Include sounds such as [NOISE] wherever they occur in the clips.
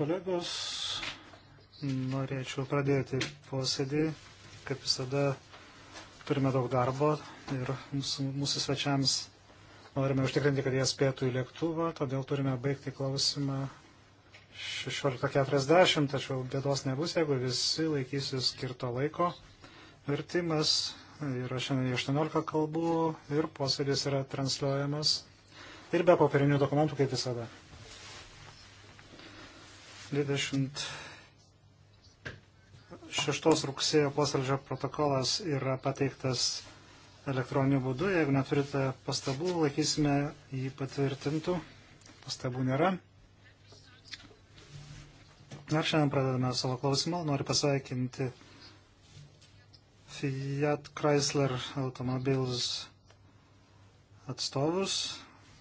kolegos, norėčiau pradėti posėdį, kaip visada turime daug darbo ir mūsų, mūsų svečiams norime užtikrinti, kad jie spėtų į lėktuvą, todėl turime baigti klausimą 16.40, tačiau bėdos nebus, jeigu visi laikysis skirto laiko. Vertimas yra šiandien 18 kalbų ir posėdis yra transliuojamas ir be popierinių dokumentų kaip visada. 26 rugsėjo posėdžio protokolas yra pateiktas elektroniniu būdu. Jeigu neturite pastabų, laikysime jį patvirtintų. Pastabų nėra. Ir šiandien pradedame savo klausimą. Noriu pasveikinti Fiat Chrysler automobilis atstovus,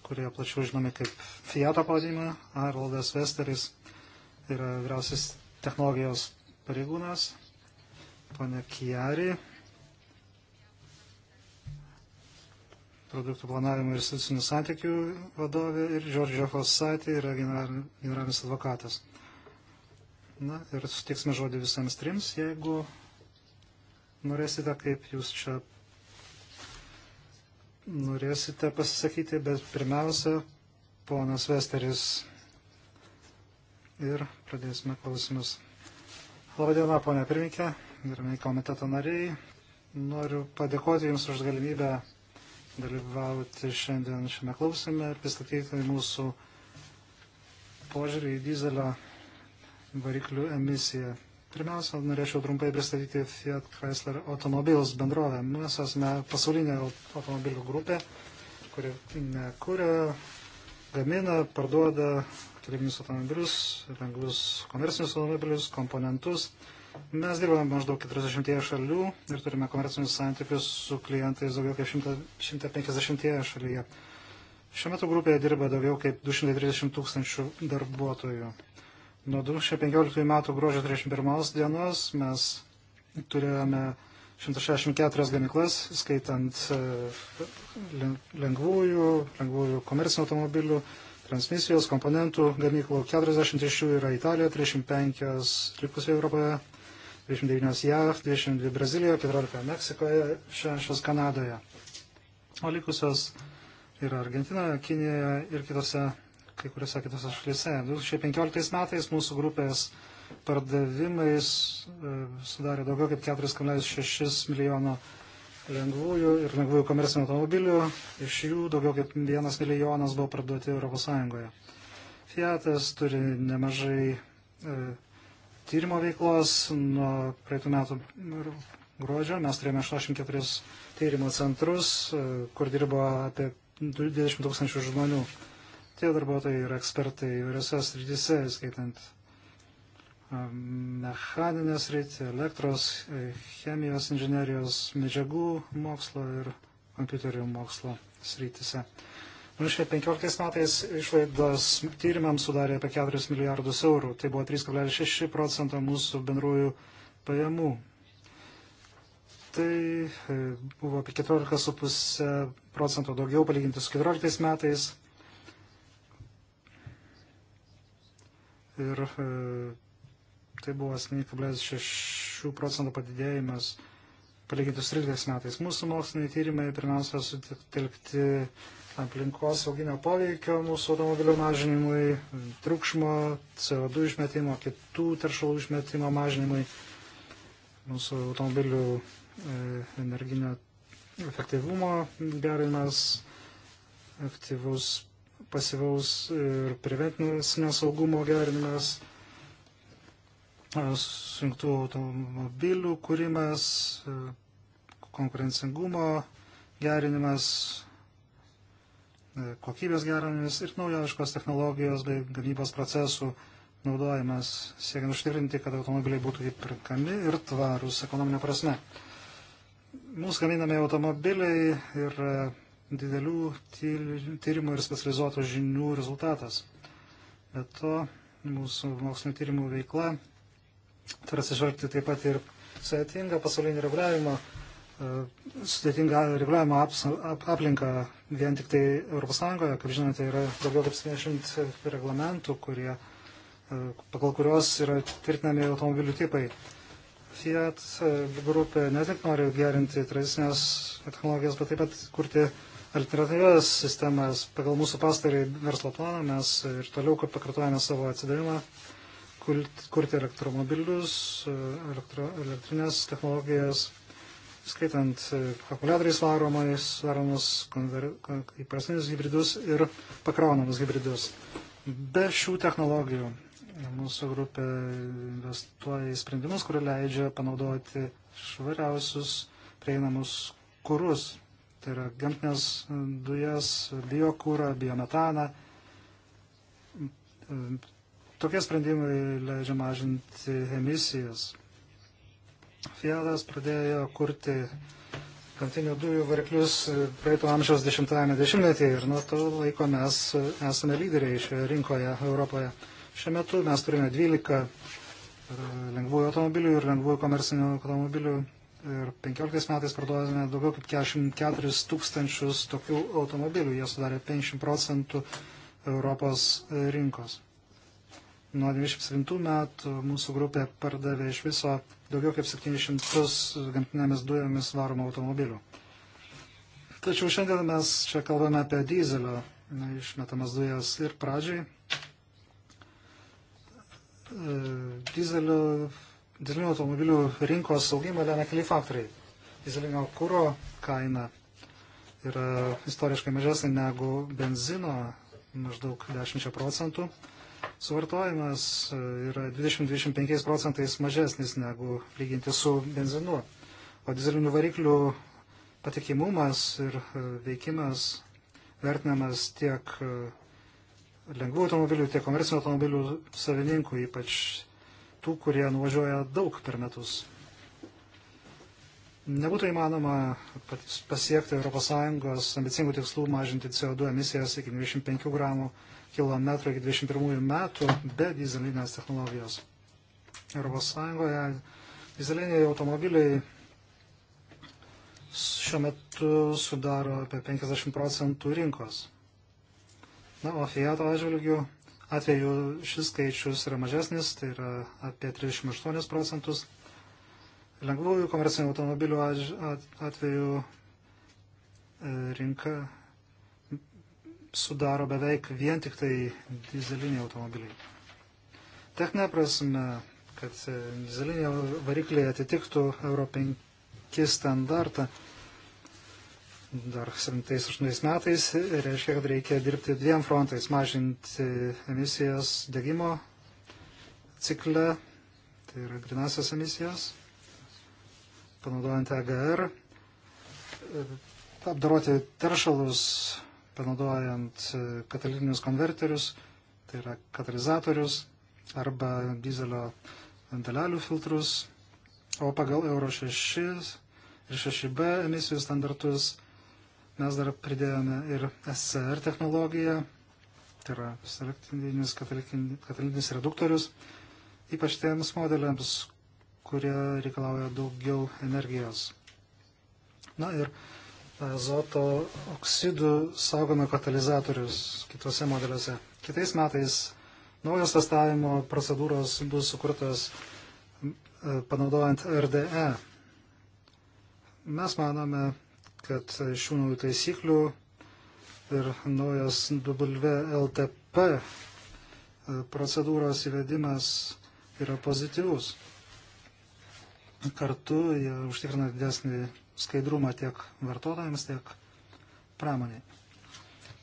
kurie plačiau žinomi kaip Fiato pavadinimą, Aroldas Westeris tai yra vyriausias technologijos pareigūnas, ponė Kijari, produktų planavimo ir institucinių santykių vadovė ir Giorgio Fossati yra generalinis advokatas. Na ir sutiksime žodį visiems trims, jeigu norėsite, kaip jūs čia norėsite pasisakyti, bet pirmiausia, ponas Vesteris ir pradėsime klausimus. Labadiena, ponia pirmininkė, gerbėjai komiteto nariai. Noriu padėkoti Jums už galimybę dalyvauti šiandien šiame klausime ir pristatyti mūsų požiūrį į dizelio variklių emisiją. Pirmiausia, norėčiau trumpai pristatyti Fiat Chrysler Automobiles bendrovę. Mes esame pasaulinė automobilių grupė, kuri kūrė, gamina, parduoda keliaivinius automobilius, lengvus komercinius automobilius, komponentus. Mes dirbame maždaug 40 šalių ir turime komercinius santykius su klientais daugiau kaip 100, 150 šalyje. Šiuo metu grupėje dirba daugiau kaip 230 tūkstančių darbuotojų. Nuo 2015 metų gruodžio 31 dienos mes turėjome 164 gamyklas, skaitant e, lengvųjų, lengvųjų komercinių automobilių, transmisijos komponentų gamyklų. 40 iš jų yra Italijoje, 35 likusioje Europoje, 29 JAV, 22 Brazilijoje, 14 Meksikoje, 6 Kanadoje. O likusios yra Argentinoje, Kinijoje ir kitose, kai kuriuose kitose šalyse. 2015 metais mūsų grupės pardavimais e, sudarė daugiau kaip 4,6 milijono eurų lengvųjų ir lengvųjų komercinių automobilių, iš jų daugiau kaip vienas milijonas buvo parduoti ES. Fiatas turi nemažai e, tyrimo veiklos. Nuo praeitų metų gruodžio mes turėjome 84 tyrimo centrus, e, kur dirbo apie 20 tūkstančių žmonių. Tie darbuotojai yra ekspertai įvairiose srityse, skaitant mechaninės rytį, elektros, e, chemijos, inžinerijos, medžiagų mokslo ir kompiuterių mokslo srityse. 2015 nu, metais išlaidos tyrimams sudarė apie 4 milijardus eurų. Tai buvo 3,6 procento mūsų bendrųjų pajamų. Tai e, buvo apie 14,5 procento daugiau palyginti su 2014 metais. Ir e, tai buvo 7,6 procentų padidėjimas palyginti su 13 metais. Mūsų moksliniai tyrimai pirmiausia sutelkti aplinkos sauginio poveikio mūsų automobilių mažinimui, triukšmo, CO2 išmetimo, kitų teršalų išmetimo mažinimui, mūsų automobilių e, energinio efektyvumo gerinimas, aktyvus, pasivaus ir preventinis nesaugumo gerinimas, sujungtų automobilių kūrimas, konkurencingumo gerinimas, kokybės gerinimas ir naujoviškos technologijos bei gamybos procesų naudojimas, siekiant užtikrinti, kad automobiliai būtų įperkami ir tvarūs ekonominė prasme. Mūsų gaminami automobiliai ir didelių tyrimų ir specializuotų žinių rezultatas. Be to, mūsų mokslinio tyrimų veikla Turi atsižvelgti taip pat ir sudėtingą pasaulinį reguliavimą, e, sudėtingą reguliavimo aplinką vien tik tai ES. Kaip žinote, yra daugiau kaip 70 reglamentų, kurie, e, pagal kurios yra tvirtinami automobilių tipai. Fiat e, grupė ne tik nori gerinti tradicinės technologijas, bet taip pat kurti alternatyvias sistemas. Pagal mūsų pastarį verslo planą mes ir toliau pakartojame savo atsidavimą kurti elektromobilius, elektro, elektrinės technologijas, skaitant e, kalkulatoriais varomais, varomus įprastinius hybridus ir pakraunamus hybridus. Be šių technologijų e, mūsų grupė investuoja į sprendimus, kurie leidžia panaudoti švariausius prieinamus kurus. Tai yra gamtinės dujas, biokūrą, biometaną, Tokie sprendimai leidžia mažinti emisijas. Fiatas pradėjo kurti gamtinių dujų variklius praeito amžiaus 10-ame dešimtmetyje ir nuo to laiko mes esame lyderiai šioje rinkoje Europoje. Šiuo metu mes turime 12 e, lengvųjų automobilių ir lengvųjų komersinių automobilių ir 15 metais parduodame daugiau kaip 44 tūkstančius tokių automobilių. Jie sudarė 50 procentų Europos rinkos. Nuo 1997 metų mūsų grupė pardavė iš viso daugiau kaip 700 gamtinėmis dujomis varomų automobilių. Tačiau šiandien mes čia kalbame apie dizelio na, išmetamas dujas ir pradžiai. E, dizelio, dizelinių automobilių rinkos augimą lemia keli faktoriai. Dizelinio kūro kaina yra istoriškai mažesnė negu benzino, maždaug 10 procentų Suvartojimas e, yra 20-25 procentais mažesnis negu lyginti su benzinu, o dizelinių variklių patikimumas ir e, veikimas vertinamas tiek e, lengvų automobilių, tiek komercinių automobilių savininkų, ypač tų, kurie nuvažiuoja daug per metus. Nebūtų įmanoma pasiekti ES ambicingų tikslų mažinti CO2 emisijas iki 25 gramų km iki 21 metų be dizelinės technologijos. Europos Sąjungoje dizeliniai automobiliai šiuo metu sudaro apie 50 procentų rinkos. Na, o Fiat atžvilgių atveju šis skaičius yra mažesnis, tai yra apie 38 procentus. Lengvųjų komercinių automobilių atveju e, rinka sudaro beveik vien tik tai dizeliniai automobiliai. Techninė prasme, kad dizeliniai varikliai atitiktų Euro 5 standartą dar 78 metais, reiškia, kad reikia dirbti dviem frontais, mažinti emisijas degimo cikle, tai yra grinasios emisijas, panaudojant EGR, apdaroti teršalus panaudojant e, katalinius konverterius, tai yra katalizatorius arba dizelio dalelių filtrus, o pagal Euro 6 ir 6B emisijų standartus mes dar pridėjome ir SCR technologiją, tai yra selektyvinis katalinis reduktorius, ypač tiems modeliams, kurie reikalauja daugiau energijos. Na ir uh, azoto oksidų saugome katalizatorius kitose modeliuose. Kitais metais naujos testavimo procedūros bus sukurtos e, panaudojant RDE. Mes manome, kad šių naujų taisyklių ir naujas WLTP e, procedūros įvedimas yra pozityvus. Kartu jie užtikrina didesnį skaidrumą tiek vartotojams, tiek pramoniai.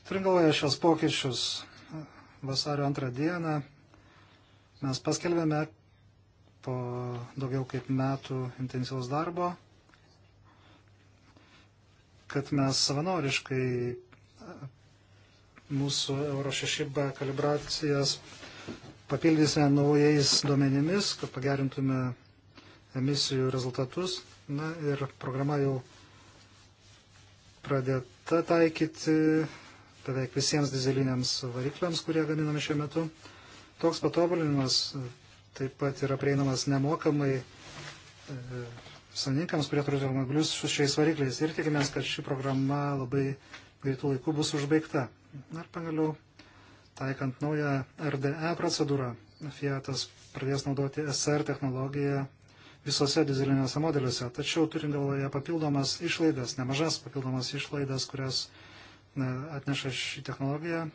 Turim galvoje šios pokyčius vasario antrą dieną mes paskelbėme po daugiau kaip metų intensyvaus darbo, kad mes savanoriškai mūsų Euro 6B kalibracijas papildysime naujais duomenimis, kad pagerintume emisijų rezultatus Na ir programa jau pradėta taikyti beveik visiems dizeliniams varikliams, kurie gaminami šiuo metu. Toks patobulinimas taip pat yra prieinamas nemokamai e, savininkams, kurie turi automobilius su šiais varikliais. Ir tikimės, kad ši programa labai greitų laikų bus užbaigta. Ir pagaliau, taikant naują RDE procedūrą, Fiatas pradės naudoti SR technologiją visose dizelinėse modeliuose. Tačiau turint galvoje papildomas išlaidas, nemažas papildomas išlaidas, kurias atneša ši technologija,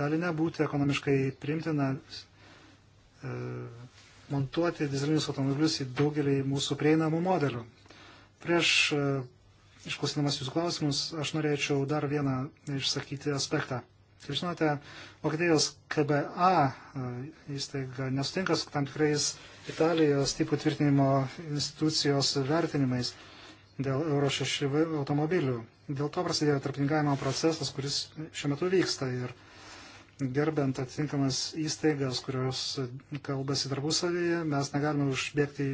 gali nebūti ekonomiškai primtina e, montuoti dizelinius automobilius į daugelį mūsų prieinamų modelių. Prieš e, išklausydamas jūsų klausimus, aš norėčiau dar vieną išsakyti aspektą. Kaip žinote, Vokietijos KBA e, įstaiga nesutinka su tam tikrais Italijos tipų tvirtinimo institucijos vertinimais dėl Euro 6 automobilių. Dėl to prasidėjo tarpininkavimo procesas, kuris šiuo metu vyksta ir gerbent atitinkamas įstaigas, kurios kalbasi tarpusavyje, mes negalime užbėgti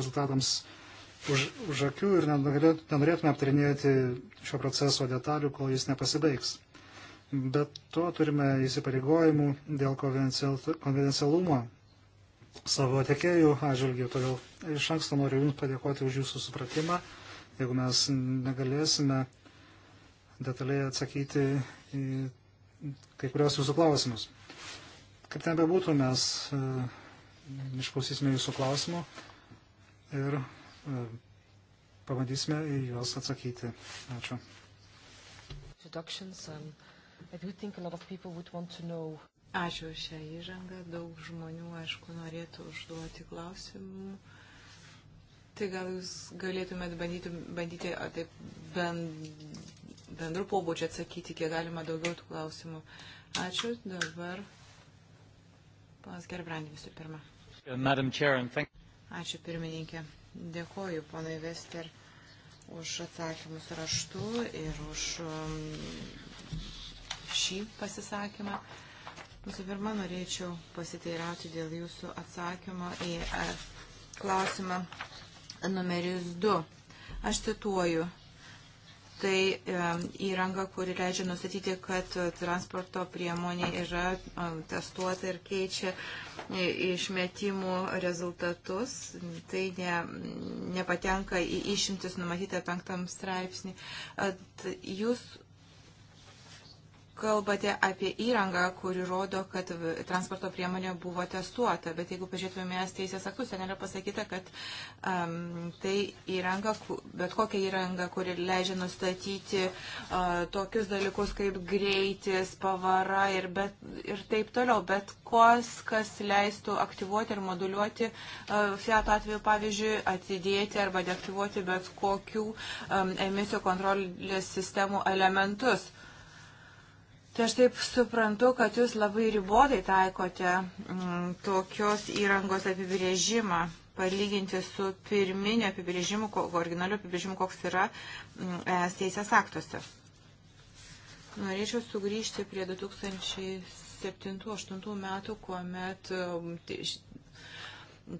rezultatams už, už akių ir nenorėtume aptarinėti šio proceso detalių, kol jis nepasibaigs. Bet to turime įsipareigojimų dėl konfidencialumo savo tiekėjų atžvilgių. Todėl iš anksto noriu Jums padėkoti už Jūsų supratimą. Jeigu mes negalėsime detaliai atsakyti į kai kurios Jūsų klausimus. Kaip ten bebūtų, mes e, išklausysime Jūsų klausimų ir e, pabandysime į juos atsakyti. Ačiū. Ačiū šią įžangą. Daug žmonių, aišku, norėtų užduoti klausimų. Tai gal jūs galėtumėt bandyti, bandyti a, taip bend, bendru pobūdžiu atsakyti, kiek galima daugiau tų klausimų. Ačiū. Dabar panas Gerbrandi visų pirma. Ačiū pirmininkė. Dėkoju, ponai Vester, už atsakymus raštu ir už um, šį pasisakymą. Visų pirma, norėčiau pasiteirauti dėl jūsų atsakymo į e, klausimą numeris 2. Aš cituoju, tai e, įranga, kuri leidžia nustatyti, kad transporto priemonė yra e, testuota ir keičia išmetimų rezultatus. Tai ne, nepatenka į išimtis numatytą penktam straipsnį. At jūs kalbate apie įrangą, kuri rodo, kad transporto priemonė buvo testuota, bet jeigu pažiūrėtume teisės aktus, ten yra pasakyta, kad um, tai įranga, bet kokia įranga, kuri leidžia nustatyti uh, tokius dalykus kaip greitis, pavara ir, bet, ir taip toliau, bet kos, kas leistų aktyvuoti ir moduliuoti uh, Fiat atveju, pavyzdžiui, atidėti arba deaktyvuoti bet kokių um, emisijų kontrolės sistemų elementus. Tai aš taip suprantu, kad jūs labai ribotai taikote m, mm, tokios įrangos apibrėžimą, palyginti su pirminiu apibrėžimu, originaliu apibrėžimu, koks yra m, mm, es teisės aktuose. Norėčiau sugrįžti prie 2007-2008 metų, kuomet mm,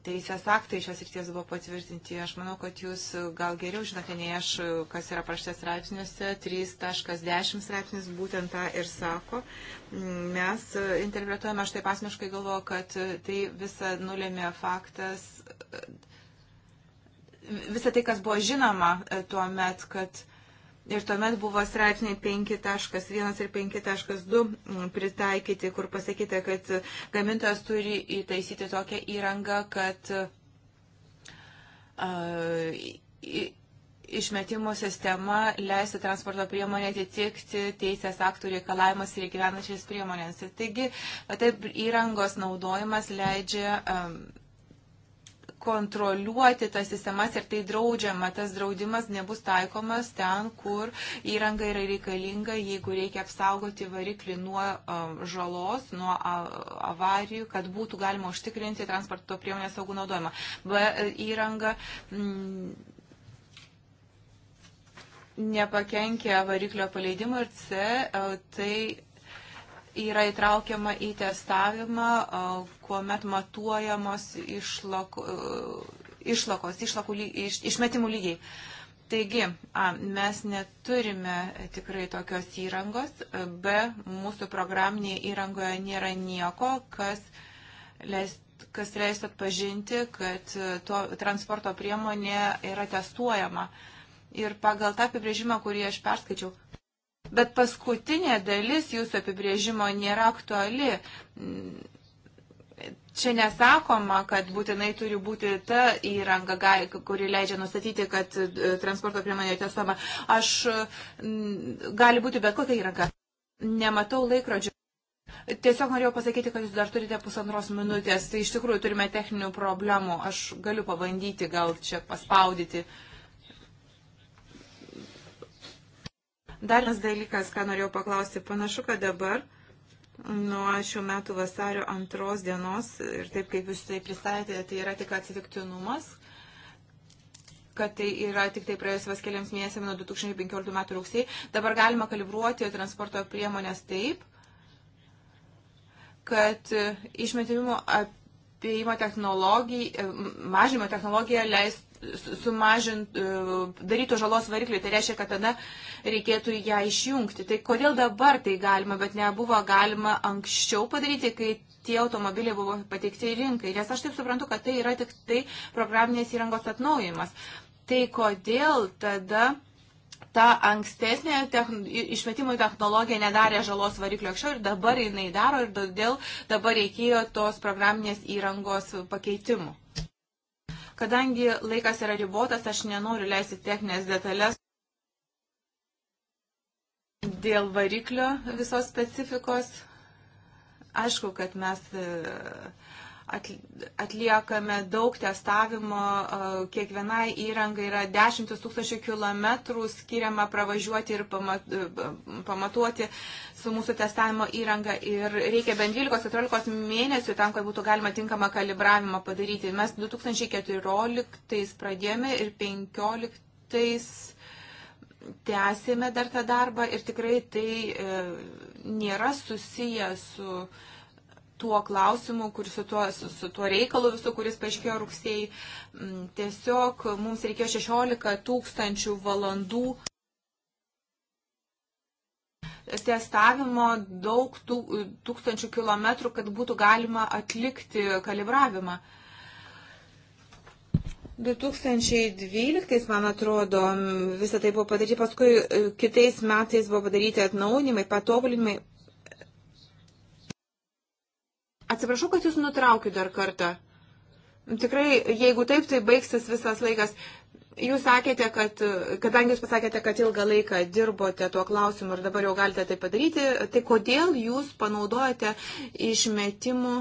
teisės aktai šios ryties buvo patvirtinti. Aš manau, kad jūs gal geriau žinote nei aš, kas yra praštas straipsniuose. 3.10 straipsnis būtent tą ir sako. Mes interpretuojame, aš taip asmeniškai galvoju, kad tai visa nulėmė faktas, visa tai, kas buvo žinoma tuo met, kad Ir tuomet buvo straipsniai 5.1 ir 5.2 mm, pritaikyti, kur pasakyta, kad gamintojas turi įtaisyti tokią įrangą, kad uh, išmetimo sistema leisti transporto priemonę atitikti teisės aktų reikalavimas ir gyvenančiais priemonėms. Taigi, taip įrangos naudojimas leidžia um, kontroliuoti tas sistemas ir tai draudžiama. Tas draudimas nebus taikomas ten, kur įranga yra reikalinga, jeigu reikia apsaugoti variklį nuo um, žalos, nuo avarijų, kad būtų galima užtikrinti transporto priemonės saugų naudojimą. B įranga. M, mm, nepakenkia variklio paleidimo ir C, e, tai yra įtraukiama į testavimą, kuomet matuojamos išlako, išlakos, išlakų, iš, išmetimų lygiai. Taigi, A, mes neturime tikrai tokios įrangos, B, mūsų programinėje įrangoje nėra nieko, kas leis kas leis atpažinti, kad to transporto priemonė yra testuojama. Ir pagal tą apibrėžimą, kurį aš perskaičiau, Bet paskutinė dalis jūsų apibrėžimo nėra aktuali. Čia nesakoma, kad būtinai turi būti ta įranga, kuri leidžia nustatyti, kad e, transporto priemonė tiesama. Aš gali būti bet kokia įranga. Nematau laikrodžio. Tiesiog norėjau pasakyti, kad jūs dar turite pusantros minutės. Tai iš tikrųjų turime techninių problemų. Aš galiu pabandyti gal čia paspaudyti. Uh, Dar vienas dalykas, ką norėjau paklausti, panašu, kad dabar nuo šių metų vasario antros dienos ir taip kaip jūs tai pristatėte, tai yra tik atsitiktinumas, kad tai yra tik tai praėjus vas keliams mėnesiams nuo 2015 metų rugsėjai. Dabar galima kalibruoti transporto priemonės taip, kad e, išmetimimo apėjimo technologija, mažimo technologija leis sumažint, e, darytų žalos variklį, tai reiškia, kad tada reikėtų ją išjungti. Tai kodėl dabar tai galima, bet nebuvo galima anksčiau padaryti, kai tie automobiliai buvo pateikti į rinkai, nes aš taip suprantu, kad tai yra tik tai programinės įrangos atnaujimas. Tai kodėl tada ta ankstesnė techn... išmetimo technologija nedarė žalos variklio anksčiau ir dabar jinai daro ir todėl dabar reikėjo tos programinės įrangos pakeitimų. Kadangi laikas yra ribotas, aš nenoriu leisti techninės detalės dėl variklio visos specifikos. Aišku, kad mes uh, atliekame daug testavimo, e, kiekvienai įrangai yra dešimtis tūkstančių kilometrų skiriama pravažiuoti ir e, pamatuoti su mūsų testavimo įranga ir reikia bent 12-14 mėnesių tam, kad būtų galima tinkamą kalibravimą padaryti. Mes 2014 pradėjome ir 2015 tęsėme dar tą darbą ir tikrai tai e, nėra susiję su tuo klausimu, kur, su, tuo, su, su tuo reikalu visų, kuris paaiškėjo rugsėjai. Mm, tiesiog mums reikėjo 16 tūkstančių valandų testavimo daug tūkstančių kilometrų, kad būtų galima atlikti kalibravimą. 2012, man atrodo, visą tai buvo padaryti, paskui e, kitais metais buvo padaryti atnaunimai, patobulinimai, Atsiprašau, kad jūs nutraukiu dar kartą. Tikrai, jeigu taip, tai baigsis visas laikas. Jūs sakėte, kad, kadangi jūs pasakėte, kad ilgą laiką dirbote tuo klausimu ir dabar jau galite tai padaryti, tai kodėl jūs panaudojate išmetimų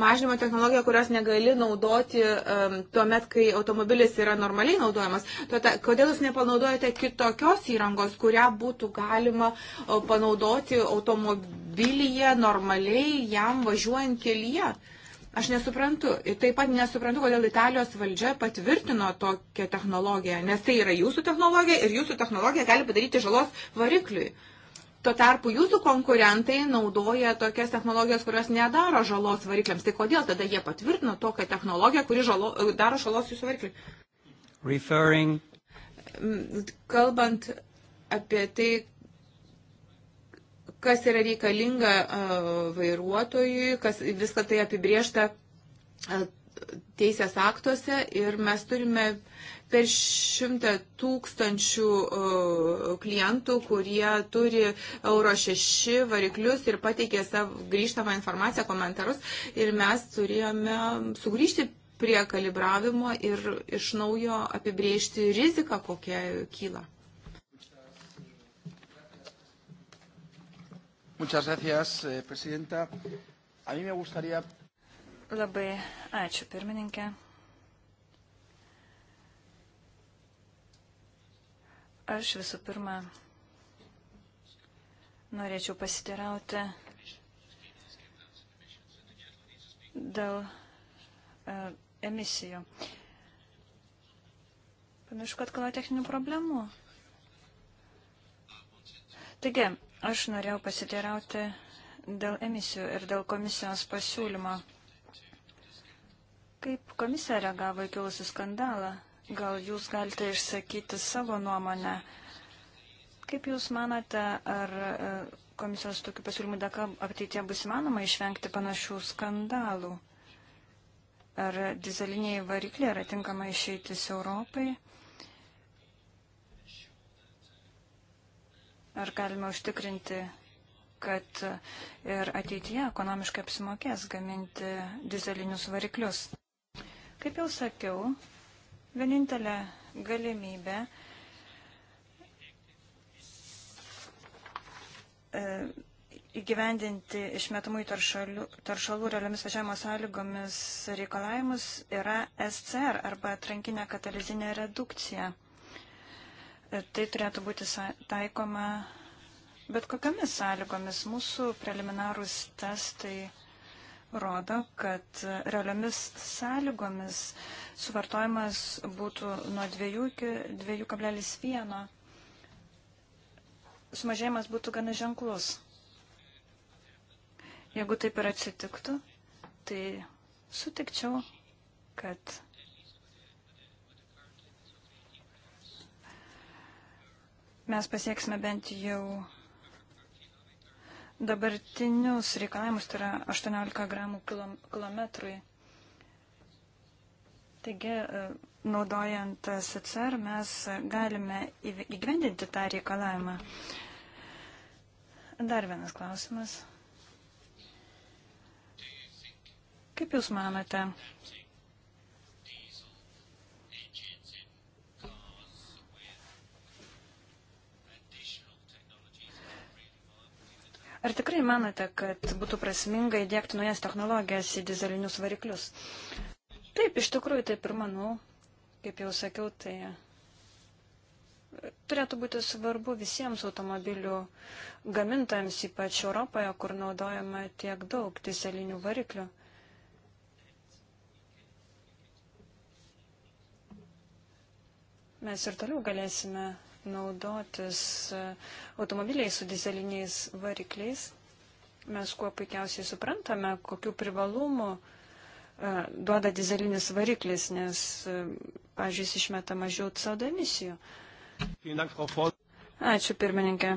mažinimo technologiją, kurios negali naudoti um, tuo met, kai automobilis yra normaliai naudojamas. Tuota, kodėl jūs nepanaudojate kitokios įrangos, kurią būtų galima panaudoti automobilyje normaliai jam važiuojant kelyje? Aš nesuprantu. Ir taip pat nesuprantu, kodėl Italijos valdžia patvirtino tokią technologiją, nes tai yra jūsų technologija ir jūsų technologija gali padaryti žalos varikliui. Uh, Tuo tarpu jūsų konkurentai naudoja tokias technologijas, kurios nedaro žalos varikliams. Tai kodėl tada jie patvirtino tokią technologiją, kuri žalo, daro žalos jūsų varikliui? Referring. Mm, kalbant apie tai, kas yra reikalinga vairuotojui, kas viską tai apibriešta teisės aktuose ir mes turime per šimtą tūkstančių e, klientų, kurie turi Euro 6 variklius ir pateikė savo grįžtamą informaciją, komentarus. Ir mes turėjome sugrįžti prie kalibravimo ir iš naujo apibriežti riziką, kokia kyla. Muchas gracias, eh, presidenta. A mí me gustaría. Labai ačiū, pirmininkė. Aš visų pirma norėčiau pasiterauti dėl e, emisijų. Panašu, kad kala techninių problemų. Taigi, aš norėjau pasiteirauti dėl emisijų ir dėl komisijos pasiūlymo. Kaip komisija reagavo į kilusių skandalą? Gal jūs galite išsakyti savo nuomonę? Kaip jūs manote, ar e, komisijos tokių pasiūlymų dėka ateitie bus įmanoma išvengti panašių skandalų? Ar dizeliniai varikliai yra tinkama išeitis Europai? Ar galime užtikrinti, kad ir ateityje ekonomiškai apsimokės gaminti dizelinius variklius? Kaip jau sakiau, Vienintelė galimybė e, įgyvendinti išmetamų taršalų, taršalų realiomis važiavimo sąlygomis reikalavimus yra SCR arba atrankinė katalizinė redukcija. E, tai turėtų būti taikoma bet kokiamis sąlygomis. Mūsų preliminarūs testai rodo, kad realiomis sąlygomis suvartojimas būtų nuo 2 iki 2,1. Sumažėjimas būtų gana ženklus. Jeigu taip ir atsitiktų, tai sutikčiau, kad mes pasieksime bent jau dabartinius reikalavimus, tai yra 18 gramų kilometrui. Taigi, e, naudojant SCR, mes galime įgyvendinti tą reikalavimą. Dar vienas klausimas. Kaip Jūs manote, Ar tikrai manote, kad būtų prasminga įdėkti naujas technologijas į dizelinius variklius? Taip, iš tikrųjų taip ir manau. Kaip jau sakiau, tai e, turėtų būti svarbu visiems automobilių gamintojams, ypač Europoje, kur naudojama tiek daug dizelinių variklių. Mes ir toliau galėsime naudotis e, automobiliais su dizeliniais varikliais, mes kuo puikiausiai suprantame, kokiu privalumu e, duoda dizelinis variklis, nes, e, pažiūrėjus, jis išmeta mažiau CO2 emisijų. Ačiū, pirmininkė.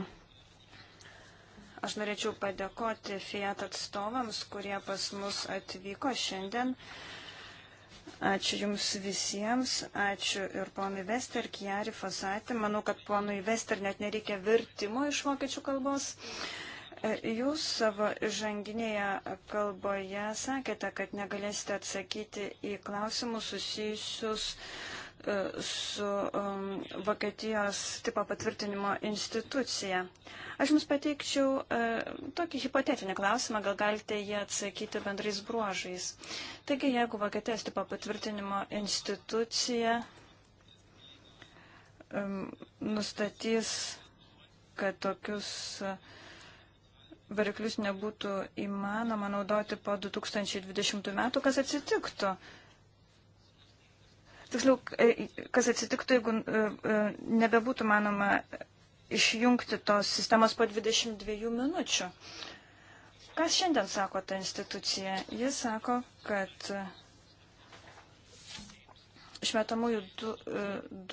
Aš norėčiau padėkoti Fiat atstovams, kurie pas mus atvyko šiandien. Ačiū Jums visiems, ačiū ir ponui Vester, Kiari Fasati. Manau, kad ponui Vester net nereikia vertimo iš vokiečių kalbos. E, Jūs savo žanginėje kalboje sakėte, kad negalėsite atsakyti į klausimus susijusius su um, Vokietijos tipo patvirtinimo institucija. Aš Jums pateikčiau e, tokį hipotetinį klausimą, gal galite jį atsakyti bendrais bruožais. Taigi, jeigu Vokietijos tipo patvirtinimo institucija nustatys, kad tokius e, variklius nebūtų įmanoma naudoti po 2020 metų, kas atsitiktų? Tiksliau, e, kas atsitiktų, jeigu e, e, nebebūtų manoma išjungti tos sistemos po 22 minučių. Kas šiandien sako ta institucija? Jis sako, kad išmetamųjų du,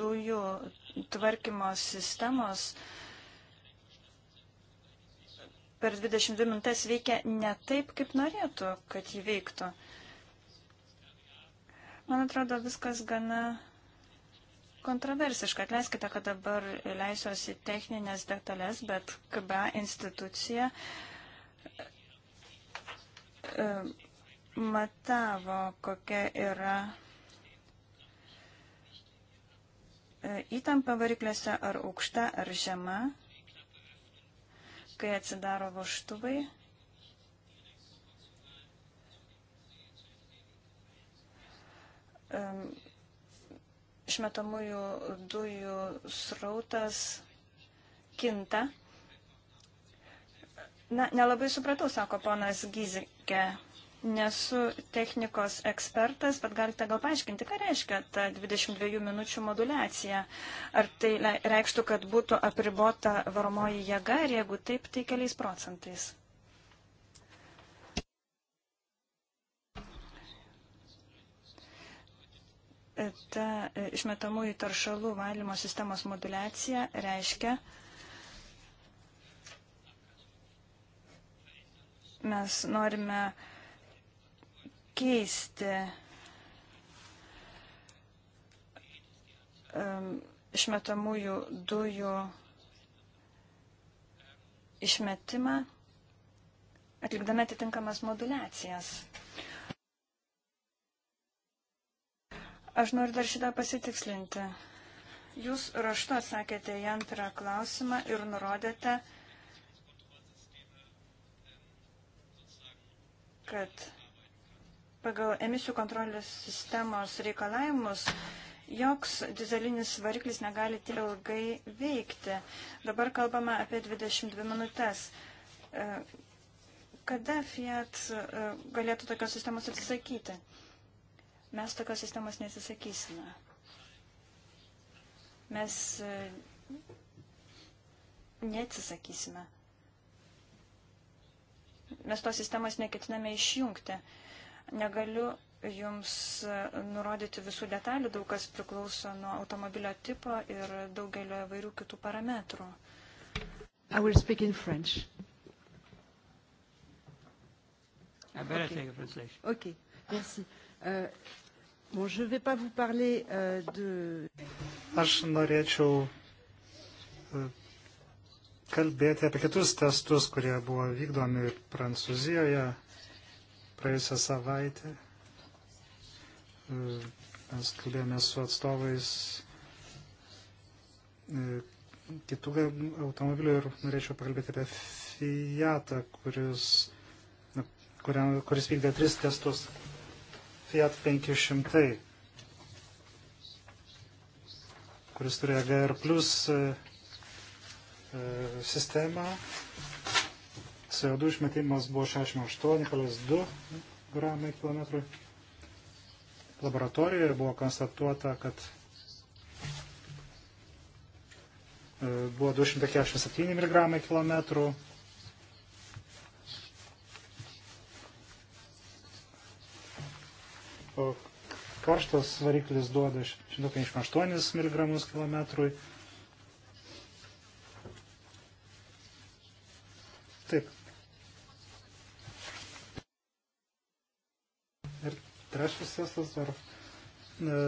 dujų tvarkymo sistemos per 22 minutės veikia ne taip, kaip norėtų, kad jį veiktų. Man atrodo, viskas gana kontroversiška. Atleiskite, kad dabar leisiuosi techninės detalės, bet KBA institucija e, matavo, kokia yra e, įtampa variklėse, ar aukšta, ar žema, kai atsidaro voštuvai. išmetamųjų dujų srautas kinta. Na, nelabai supratau, sako ponas Gizikė. Nesu technikos ekspertas, bet galite gal paaiškinti, ką reiškia ta 22 minučių modulacija. Ar tai reikštų, kad būtų apribota varomoji jėga ir jeigu taip, tai keliais procentais? ta e, išmetamųjų taršalų valymo sistemos modulacija reiškia, mes norime keisti išmetamųjų dujų išmetimą, atlikdami atitinkamas modulacijas. Aš noriu dar šitą pasitikslinti. Jūs raštu atsakėte į antrą klausimą ir nurodėte, kad pagal emisijų kontrolės sistemos reikalavimus joks dizelinis variklis negali tiek ilgai veikti. Dabar kalbame apie 22 minutės. E, kada Fiat e, galėtų tokios sistemos atsisakyti? Mes tokios sistemos nesisakysime. Mes e, neatsisakysime. Mes tos sistemos neketiname išjungti. Negaliu jums e, nurodyti visų detalių, daug kas priklauso nuo automobilio tipo ir daugelio įvairių kitų parametrų. I will speak in French. I better okay. take a translation. Okay, merci. Euh, Bon, je vais pas vous parler euh, de... Aš norėčiau e, kalbėti apie kitus testus, kurie buvo vykdomi Prancūzijoje praėjusią savaitę. E, mes kalbėjome su atstovais e, kitų automobilių ir norėčiau pakalbėti apie Fiatą, kuris, kuriam, kuris vykdė tris testus. Fiat 500, kuris turėjo e GR plus e, e, sistemą. CO2 išmetimas buvo 68,2 gramai kilometrui. Laboratorijoje buvo konstatuota, kad buvo 247 mg kilometrų o karštas variklis duoda 158 mg km. Taip. Ir trečias testas dar e,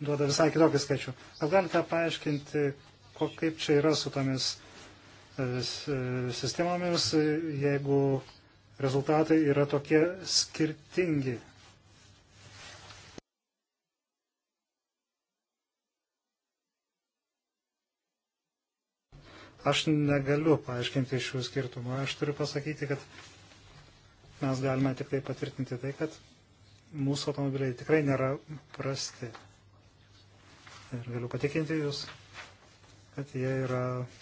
duoda visai kitokį skaičių. Gal galite paaiškinti, ko, kaip čia yra su tomis e, e, sistemomis, jeigu rezultatai yra tokie skirtingi. Aš negaliu paaiškinti šių skirtumų. Aš turiu pasakyti, kad mes galime tik tai patvirtinti tai, kad mūsų automobiliai tikrai nėra prasti. Ir galiu patikinti Jūs, kad jie yra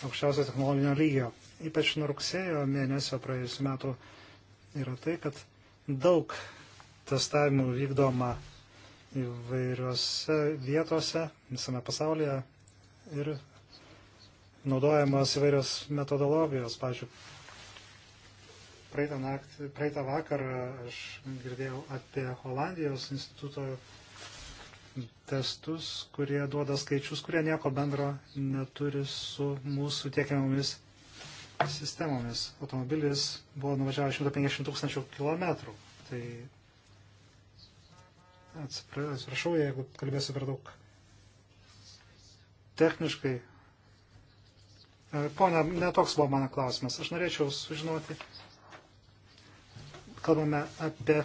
aukščiausio technologinio lygio. Ypač nuo rugsėjo mėnesio praėjusiu metu yra tai, kad daug testavimų vykdoma įvairiose vietose visame pasaulyje ir naudojamas įvairios metodologijos. Pavyzdžiui, praeitą, naktį, praeitą vakarą aš girdėjau apie Holandijos instituto testus, kurie duoda skaičius, kurie nieko bendro neturi su mūsų tiekiamomis sistemomis. Automobilis buvo nuvažiavęs 150 tūkstančių kilometrų. Tai atsiprašau, jeigu kalbėsiu per daug techniškai, E, pone, netoks buvo mano klausimas. Aš norėčiau sužinoti, kalbame apie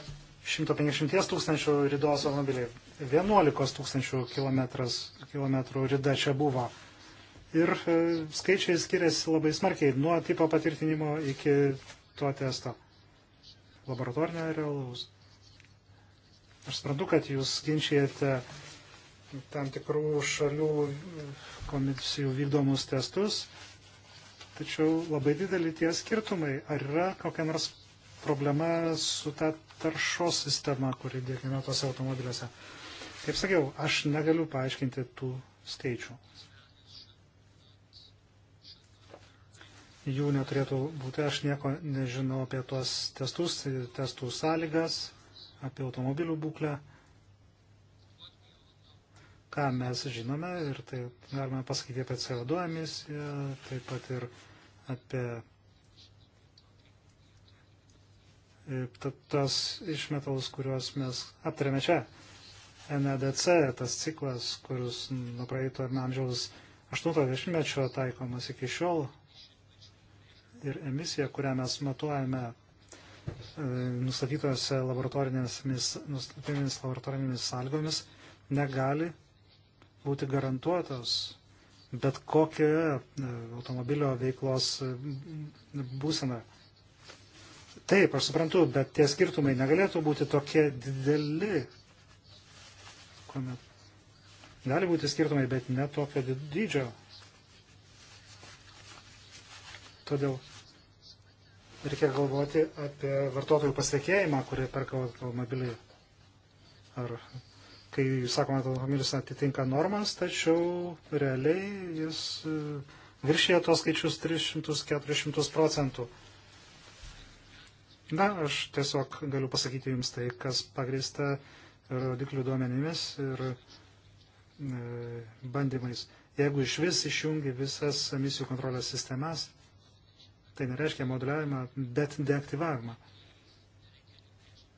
150 tūkstančių ridos automobilį. 11 tūkstančių kilometrų rida čia buvo. Ir e, skaičiai skiriasi labai smarkiai nuo tipo patvirtinimo iki tuo testo. Laboratorinio realaus. Aš suprantu, kad jūs ginčijate tam tikrų šalių e, komisijų vykdomus testus, tačiau labai dideli tie skirtumai. Ar yra kokia nors problema su ta taršos sistema, kuri dėkime tose automobiliuose? Kaip sakiau, aš negaliu paaiškinti tų skaičių. Jų neturėtų būti, aš nieko nežinau apie tuos testus, testų sąlygas, apie automobilių būklę. Ką mes žinome ir tai galime pasakyti apie CO2 emisiją, taip pat ir apie e, tas išmetalus, kuriuos mes aptarėme čia. NEDC, tas ciklas, kuris nuo praeito amžiaus 80-mečio taikomas iki šiol ir emisija, kurią mes matuojame e, nustatytose laboratorinėmis, nustatytomis laboratorinėmis sąlygomis, negali būti garantuotos bet kokioje automobilio veiklos e, būsena. Taip, aš suprantu, bet tie skirtumai negalėtų būti tokie dideli. Kuomet gali būti skirtumai, bet ne tokio dydžio. Todėl reikia galvoti apie vartotojų pasiekėjimą, kurie perka automobilį ar kai sakoma, kad automobilis atitinka normas, tačiau realiai jis e, viršėjo tos skaičius 300-400 procentų. Na, aš tiesiog galiu pasakyti Jums tai, kas pagrįsta rodiklių duomenimis ir e, bandymais. Jeigu iš vis išjungi visas emisijų kontrolės sistemas, tai nereiškia moduliavimą, bet deaktyvavimą.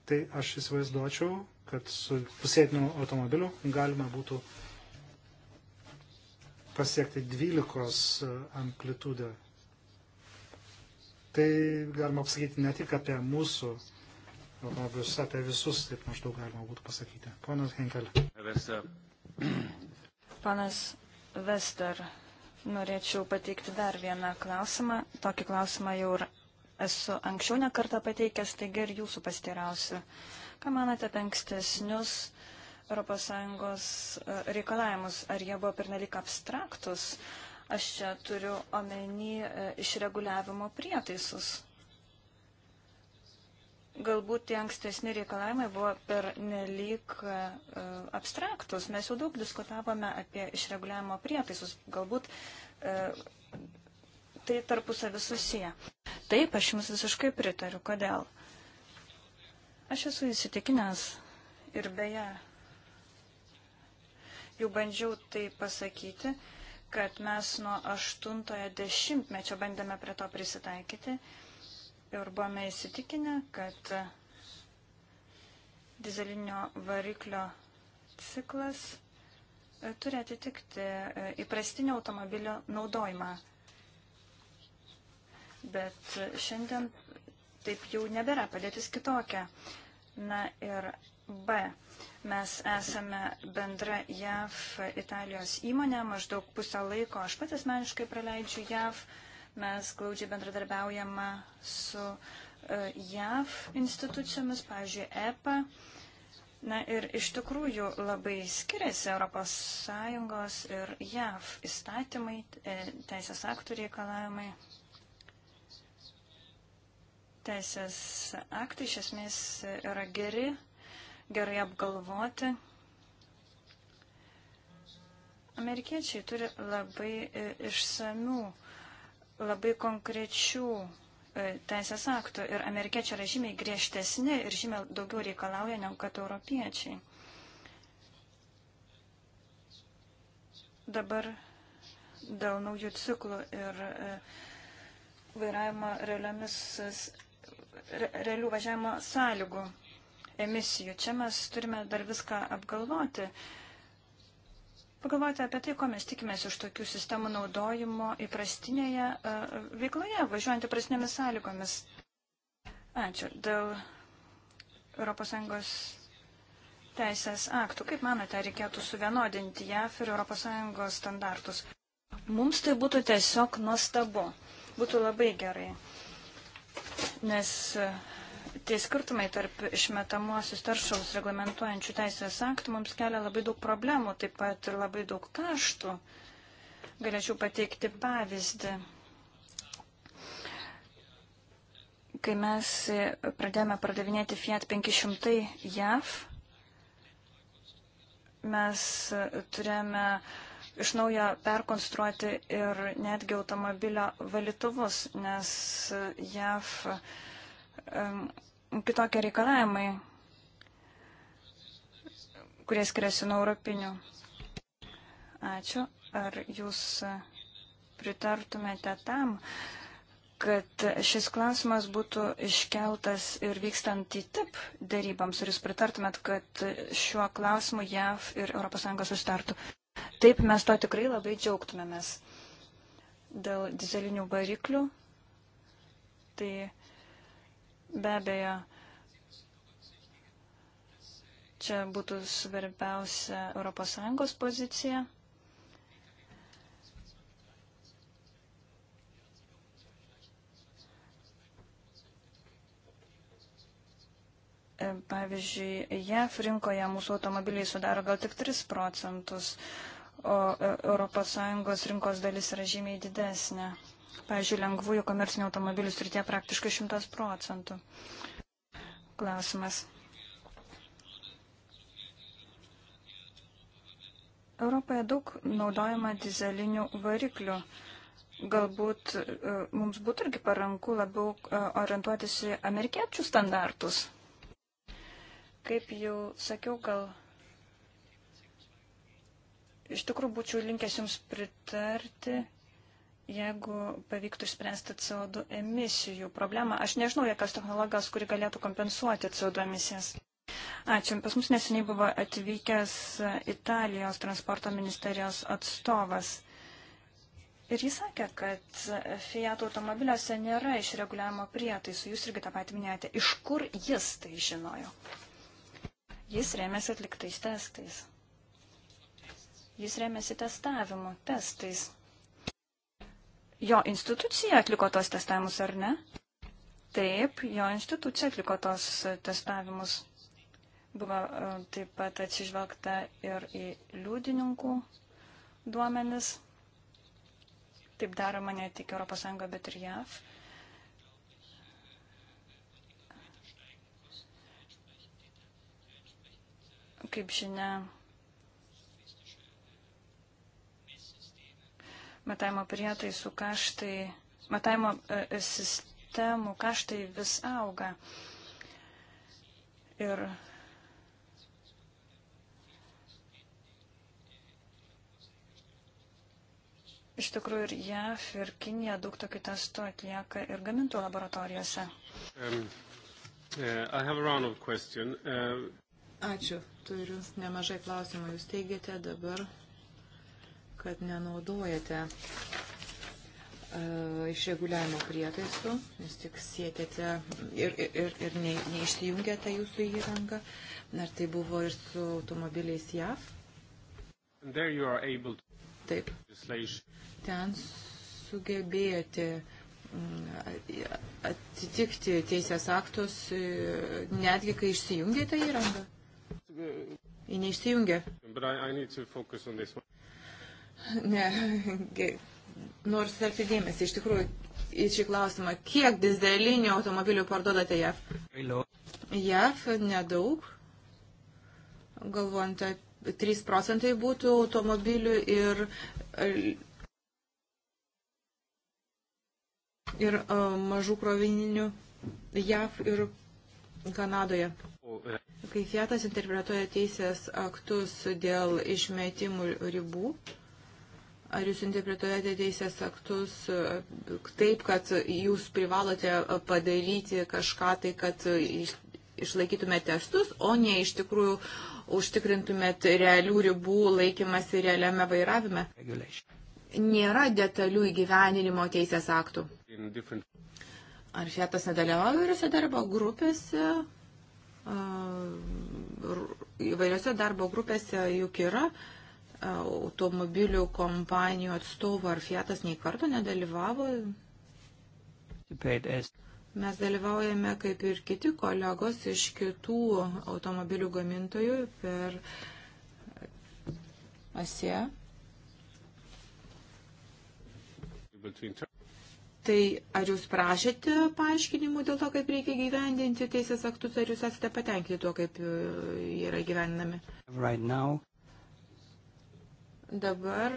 Tai aš įsivaizduočiau, kad su pusėtiniu automobiliu galima būtų pasiekti 12 e, amplitudę. Tai galima pasakyti ne tik apie mūsų automobilius, apie visus, taip maždaug galima būtų pasakyti. Ponas Henkel. Panas Vester, norėčiau pateikti dar vieną klausimą. Tokį klausimą jau ir esu anksčiau nekartą pateikęs, taigi ir jūsų pastirausiu. Uh, Ką manate apie ankstesnius ES e, reikalavimus? Ar jie buvo pernelik abstraktus? Aš čia turiu omeny e, išreguliavimo prietaisus. Galbūt tie ankstesni reikalavimai buvo pernelyg e, abstraktus. Mes jau daug diskutavome apie išreguliavimo prietaisus. Galbūt tai tarpusavį susiję. Taip, aš jums visiškai pritariu. Kodėl? Aš esu įsitikinęs ir beje, jau bandžiau tai pasakyti, kad mes nuo 80-ojo dešimtmečio bandėme prie to prisitaikyti ir buvome įsitikinę, kad dizelinio variklio ciklas e, turi atitikti e, įprastinio automobilio naudojimą. Bet šiandien taip jau nebėra, padėtis kitokia. Na ir B. Mes esame bendra JAV Italijos įmonė, maždaug pusę laiko aš pats asmeniškai praleidžiu JAV, mes glaudžiai bendradarbiaujame su e, JAV institucijomis, pavyzdžiui, EPA. Na ir iš tikrųjų labai skiriasi ES ir JAV įstatymai, e, teisės aktų reikalavimai. Teisės aktai iš esmės yra geri, gerai apgalvoti. Amerikiečiai turi labai e, išsamių, labai konkrečių e, teisės aktų ir amerikiečiai yra žymiai griežtesni ir žymiai daugiau reikalauja negu kad europiečiai. Dabar dėl naujų ciklų ir e, vairavimo realiomis re, realių važiavimo sąlygų emisijų. Čia mes turime dar viską apgalvoti. Pagalvoti apie tai, ko mes tikimės iš tokių sistemų naudojimo įprastinėje uh, veikloje, važiuojant įprastinėmis sąlygomis. Ačiū. Dėl ES teisės aktų, kaip manote, reikėtų suvienodinti JAF ir ES standartus? Mums tai būtų tiesiog nuostabu. Būtų labai gerai nes e, tie skirtumai tarp išmetamosius taršalus reglamentuojančių teisės aktų mums kelia labai daug problemų, taip pat ir labai daug kaštų. Galėčiau pateikti pavyzdį. Kai mes e, pradėjome pardavinėti Fiat 500 JAV, mes e, turėjome uh, iš naujo perkonstruoti ir netgi automobilio valytuvus, nes JAV um, kitokie reikalavimai, kurie skiriasi nuo europinių. Ačiū. Ar jūs pritartumėte tam, kad šis klausimas būtų iškeltas ir vykstant į TIP dėrybams? Ar jūs pritartumėt, kad šiuo klausimu JAV ir ES susitartų? Taip, mes to tikrai labai džiaugtumėmės. Dėl dizelinių variklių, tai be abejo, čia būtų svarbiausia ES pozicija. Pavyzdžiui, JAF rinkoje mūsų automobiliai sudaro gal tik 3 procentus, o ES rinkos dalis yra žymiai didesnė. Pavyzdžiui, lengvųjų komercinių automobilių srityje praktiškai 100 procentų. Klausimas. Europoje daug naudojama dizelinių variklių. Galbūt e, mums būtų irgi paranku labiau e, orientuotis į amerikiečių standartus. Kaip jau sakiau, gal iš tikrųjų būčiau linkęs Jums pritarti, jeigu pavyktų išspręsti CO2 emisijų problemą. Aš nežinau, jokios technologijos, kuri galėtų kompensuoti CO2 emisijas. Ačiū. Pas mus neseniai buvo atvykęs Italijos transporto ministerijos atstovas. Ir jis sakė, kad Fiat automobiliuose nėra išreguliavimo prietaisų. Jūs irgi tą patį minėjote. Iš kur jis tai žinojo? Jis rėmėsi atliktais testais. Jis rėmėsi testavimu, testais. Jo institucija atliko tos testavimus, ar ne? Taip, jo institucija atliko tos testavimus. Buvo e, taip pat atsižvelgta ir į liudininkų duomenis. Taip daroma ne tik ES, bet ir JAV. kaip žinia, matavimo prietaisų kaštai, matavimo e, e, sistemų kaštai vis auga. Ir Iš tikrųjų ir JAF, ir Kinija daug tokių testų atlieka ir gamintų laboratorijose. Um, uh, uh... Ačiū turiu nemažai klausimų. Jūs teigiate dabar, kad nenaudojate e, iš reguliavimo prietaisų, jūs tik sėtėte ir, ir, ir ne, neišsijungėte jūsų įrangą. Ar tai buvo ir su automobiliais JAV? To... Taip. Ten sugebėjote mm, atitikti teisės aktus, e, netgi kai išsijungėte įrangą. Ji neišsijungia. Ne, noriu sutelkti dėmesį iš tikrųjų į šį klausimą. Kiek dizelinių automobilių parduodate JAV? JAV nedaug. Galvojant, 3 procentai būtų automobilių ir ir e, mažų krovininių JAV ir Kanadoje. Kai Fiatas interpretuoja teisės aktus dėl išmetimų ribų, ar jūs interpretuojate teisės aktus e, taip, kad jūs privalote padaryti kažką tai, kad išlaikytumėte testus, o ne iš tikrųjų užtikrintumėt realių ribų laikymasi realiame vairavime? Nėra detalių įgyveninimo teisės aktų. Ar Fiatas nedalyvauja įvairiose darbo grupėse? Įvairiose darbo grupėse juk yra automobilių kompanijų atstovų. Ar Fiatas nei karto nedalyvavo? Mes dalyvaujame kaip ir kiti kolegos iš kitų automobilių gamintojų per ASE. Tai ar jūs prašėte paaiškinimų dėl to, kaip reikia gyvendinti teisės aktus, ar jūs esate patenkinti tuo, kaip jie yra gyvendinami? Right now. Dabar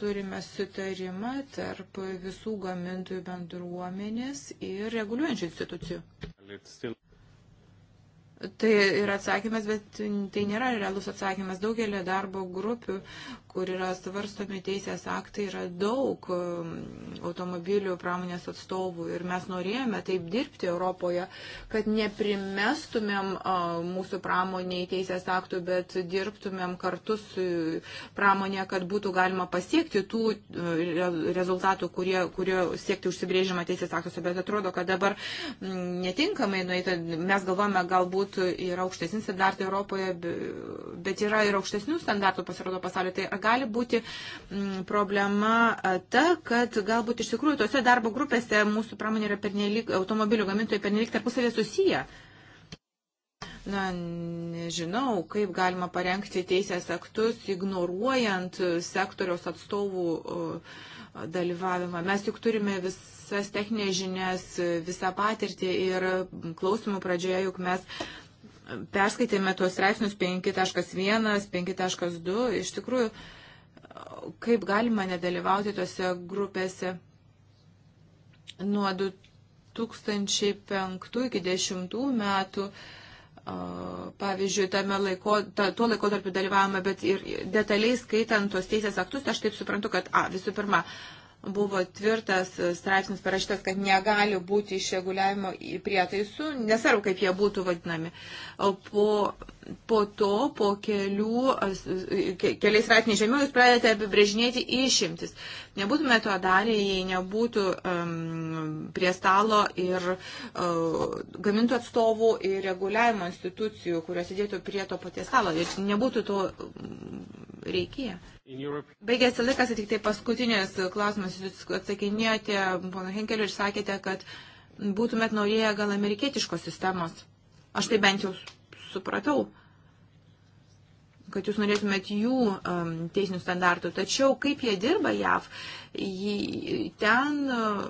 turime sutarimą tarp visų gamintojų bendruomenės ir reguliuojančių institucijų. Still... Tai yra atsakymas, bet tai nėra realus atsakymas. Daugelį darbo grupių kur yra svarstomi teisės aktai, yra daug um, automobilių pramonės atstovų ir mes norėjome taip dirbti Europoje, kad neprimestumėm mūsų pramoniai teisės aktų, bet dirbtumėm kartu su pramonė, kad būtų galima pasiekti tų e, rezultatų, kurie, kurie siekti užsibrėžimą teisės aktuose, bet atrodo, kad dabar mm, netinkamai, nu, mes galvojame, galbūt yra aukštesni standartai Europoje, bet yra ir aukštesnių standartų pasirodo pasaulyje. Tai gali būti mm, problema e, ta, kad galbūt iš tikrųjų tose darbo grupėse mūsų pramonė yra pernelyg, automobilių gamintojai pernelyg tarpusavė susiję. Na, nežinau, kaip galima parengti teisės aktus, ignoruojant sektoriaus atstovų e, dalyvavimą. Mes juk turime vis, visas techninės žinias, visą patirtį ir klausimų pradžioje juk mes perskaitėme tuos straipsnius 5.1, 5.2. Iš tikrųjų, kaip galima nedalyvauti tose grupėse nuo 2005 iki 2010 metų. Pavyzdžiui, tame laiko, ta, tuo laiko tarp dalyvavome, bet ir detaliai skaitant tos teisės aktus, aš taip suprantu, kad, a, visų pirma, uh, buvo tvirtas straipsnis parašytas, kad negali būti išreguliavimo prietaisų, nesvarbu, kaip jie būtų vadinami. Po, po to, po kelių, keliais ratiniais žemiau, jūs pradedate apibrėžinėti išimtis. Nebūtume to darę, jei nebūtų um, prie stalo ir uh, gamintų atstovų ir reguliavimo institucijų, kurios sėdėtų prie to paties stalo. Ir nebūtų to reikėję. Baigėsi laikas, tik tai paskutinis klausimas, jūs atsakinėjote, pono Henkeliu, ir sakėte, kad būtumėt norėję gal amerikietiškos sistemos. Aš tai bent jau supratau, kad jūs norėtumėt jų um, teisinių standartų. Tačiau kaip jie dirba JAV, jį, ten uh,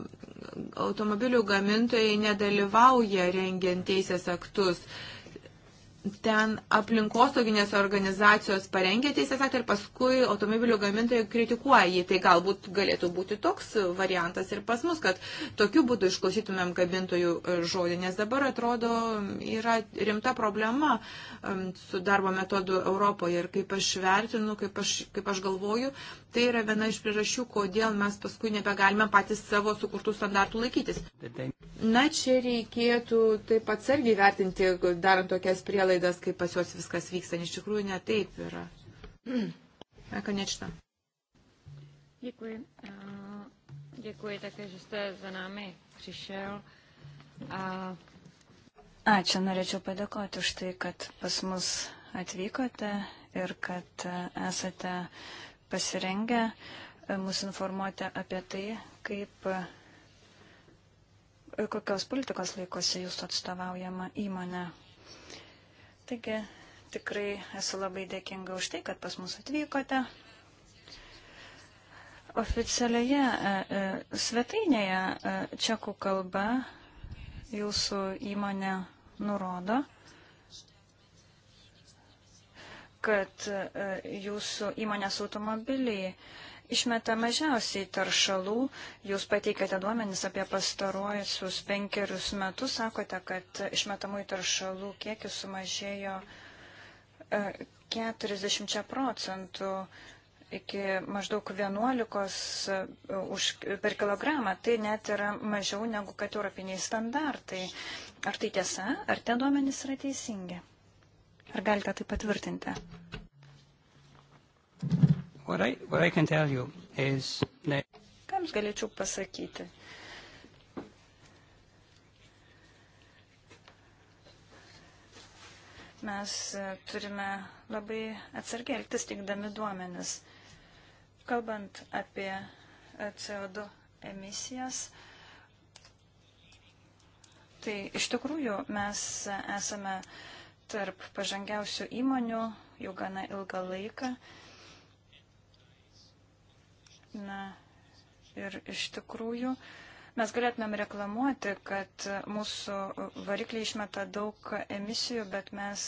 automobilių gamintojai nedalyvauja rengiant teisės aktus. Uh, ten aplinkosauginės organizacijos parengia teisės aktą ir paskui automobilių gamintojai kritikuoja jį. Tai galbūt galėtų būti toks variantas ir pas mus, kad tokiu būdu išklausytumėm gamintojų e, žodį, nes dabar atrodo yra rimta problema su darbo metodu Europoje ir kaip aš vertinu, kaip aš, kaip aš galvoju, tai yra viena iš priežasčių, kodėl mes paskui nebegalime patys savo sukurtų standartų laikytis. Na, čia reikėtų taip atsargiai vertinti, darant tokias prielaidas išlaidas, kaip pas juos viskas vyksta, nes iš tikrųjų netaip yra. [CLEARS THROAT] A konečna. Děkuji. Eh, děkuji také, že jste za námi přišel. A... Ačiū, norėčiau padėkoti už tai, kad pas mus atvykote ir kad eh, esate pasirengę eh, mus informuoti apie tai, kaip kokios politikos laikosi jūsų atstovaujama įmonė. Taigi tikrai esu labai dėkinga už tai, kad pas mus atvykote. Oficialioje e, e, svetainėje e, čekų kalba jūsų įmonė nurodo, kad jūsų įmonės automobiliai išmeta mažiausiai taršalų. Jūs pateikėte duomenis apie pastaruosius penkerius metus, sakote, kad išmetamųjų taršalų kiekis sumažėjo 40 e, procentų iki maždaug 11 e, už, per kilogramą. Tai net yra mažiau negu kad europiniai standartai. Ar tai tiesa? Ar tie duomenys yra teisingi? Ar galite tai patvirtinti? What I, what I can tell you is that... Ką jums galėčiau pasakyti? Mes e, turime labai atsargiai elgtis teikdami duomenis. Kalbant apie e, CO2 emisijas, tai iš tikrųjų mes esame tarp pažangiausių įmonių jau gana ilgą laiką. Uh, Na ir iš tikrųjų mes galėtumėm reklamuoti, kad mūsų varikliai išmeta daug emisijų, bet mes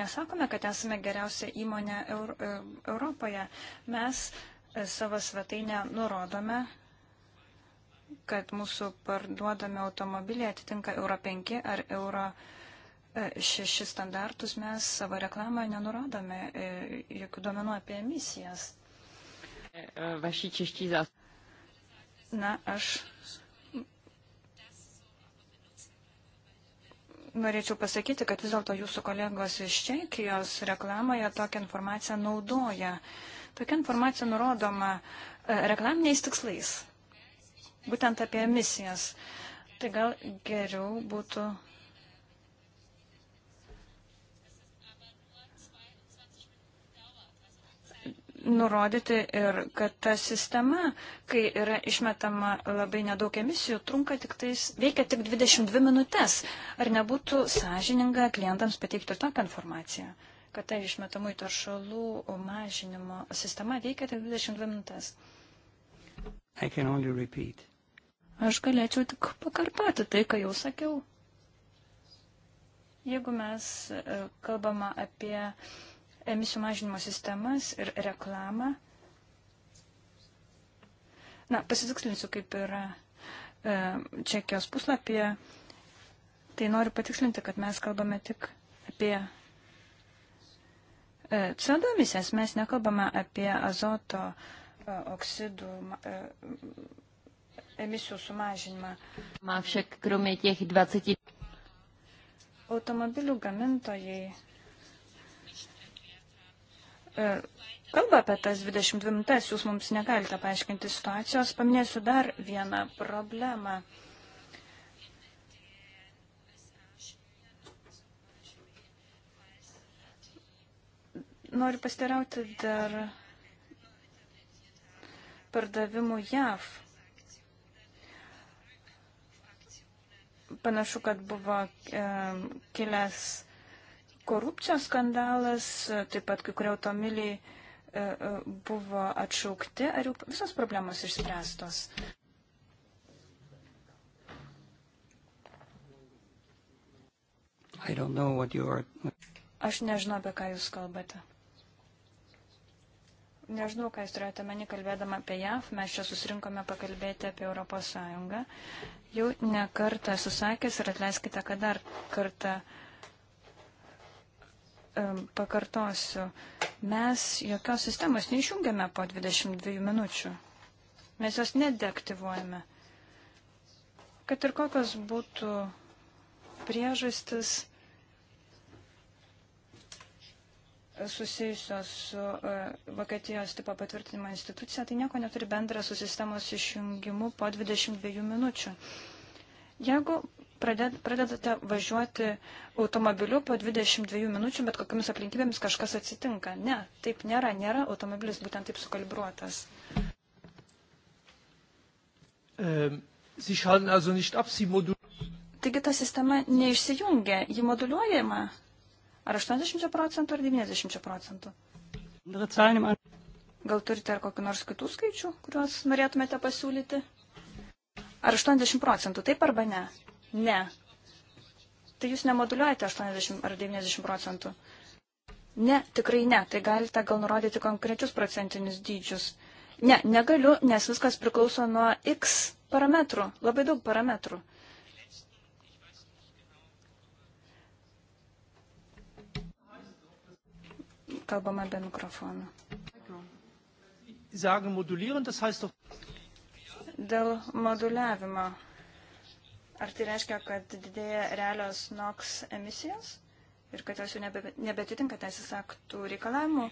nesakome, kad esame geriausia įmonė Europoje. Mes savo svetainę nurodome, kad mūsų parduodami automobiliai atitinka Euro 5 ar Euro 6 e, standartus. Mes savo reklamoje nenurodome e, jokių duomenų apie emisijas vaši čeští zástupci. Na, aš norėčiau pasakyti, kad vis dėlto jūsų kolegos iš Čekijos reklamoje tokią informaciją naudoja. Tokia informacija nurodoma e, reklaminiais tikslais, būtent apie emisijas. Tai gal geriau būtų nurodyti ir, kad ta sistema, kai yra išmetama labai nedaug emisijų, trunka tik tais, veikia tik 22 minutės. Ar nebūtų sąžininga klientams pateikti tokią informaciją, kad ta išmetamų įtaršalų mažinimo sistema veikia tik 22 minutės? Aš galėčiau tik pakartoti tai, ką jau sakiau. Jeigu mes e, kalbama apie uh, emisijų mažinimo sistemas ir reklamą. Na, pasitikslinsiu, kaip yra e, Čekijos puslapyje. Tai noriu patikslinti, kad mes kalbame tik apie e, CO2 emisijas, mes nekalbame apie azoto e, oksidų e, emisijų sumažinimą. Man však, kromė tiek 20. Automobilių gamintojai E, kalba apie tas 22 minutės, jūs mums negalite paaiškinti situacijos. Paminėsiu dar vieną problemą. Noriu pastirauti dar pardavimų JAV. Panašu, kad buvo e, kilęs korupcijos skandalas, taip pat kai kurie automiliai e, e, buvo atšaukti, ar jau visos problemos išspręstos? Are... Aš nežinau, apie ką jūs kalbate. Nežinau, ką jūs turėjote meni kalbėdama apie JAV, mes čia susirinkome pakalbėti apie Europos Sąjungą. Jau ne kartą susakęs ir atleiskite, kad dar kartą uh, pakartosiu, mes jokios sistemos neišjungiame po 22 minučių. Mes jos nedeaktyvuojame. Kad ir kokios būtų priežastis susijusios su e, Vokietijos tipo patvirtinimo institucija, tai nieko neturi bendra su sistemos išjungimu po 22 minučių. Jeigu pradedate važiuoti automobiliu po 22 minučių, bet kokiamis aplinkybėmis kažkas atsitinka. Ne, taip nėra, nėra automobilis būtent taip sukalibruotas. Ehm, Taigi ta sistema neišsijungia, ji moduliuojama. Ar 80 procentų, ar 90 procentų? Gal turite ar kokiu nors kitų skaičių, kuriuos norėtumėte pasiūlyti? Ar 80 procentų, taip arba ne? Ne. Tai jūs nemoduliuojate 80 ar 90 procentų. Ne, tikrai ne. Tai galite gal nurodyti konkrečius procentinius dydžius. Ne, negaliu, nes viskas priklauso nuo X parametrų, labai daug parametrų. Kalbama be mikrofonų. Dėl moduliavimo Ar tai reiškia, kad didėja realios NOX emisijos ir kad jos jau nebe, nebetitinka teisės aktų reikalavimų?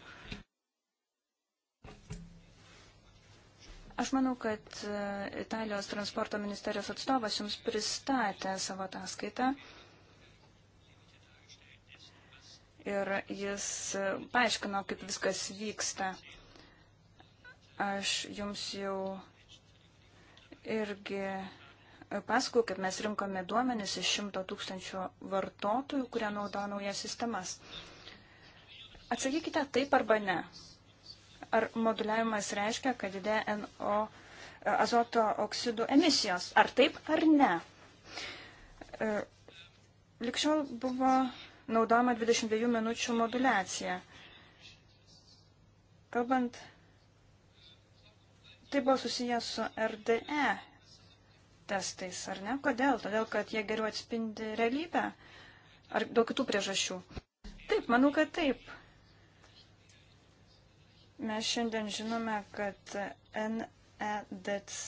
Aš manau, kad e, Italijos transporto ministerijos atstovas jums pristatė savo ataskaitą ir jis e, paaiškino, kaip viskas vyksta. Aš jums jau irgi pasakau, kad mes rinkome duomenis iš šimto tūkstančių vartotojų, kurie naudoja naujas sistemas. Atsakykite taip arba ne. Ar moduliavimas reiškia, kad didėja NO e, azoto oksidų emisijos? Ar taip ar ne? E, Likščiau buvo naudojama 22 minučių modulacija. Kalbant, tai buvo susijęs su RDE testais, ar ne? Kodėl? Todėl, kad jie geriau atspindi realybę? Ar daug kitų priežasčių? Taip, manau, kad taip. Mes šiandien žinome, kad NEDC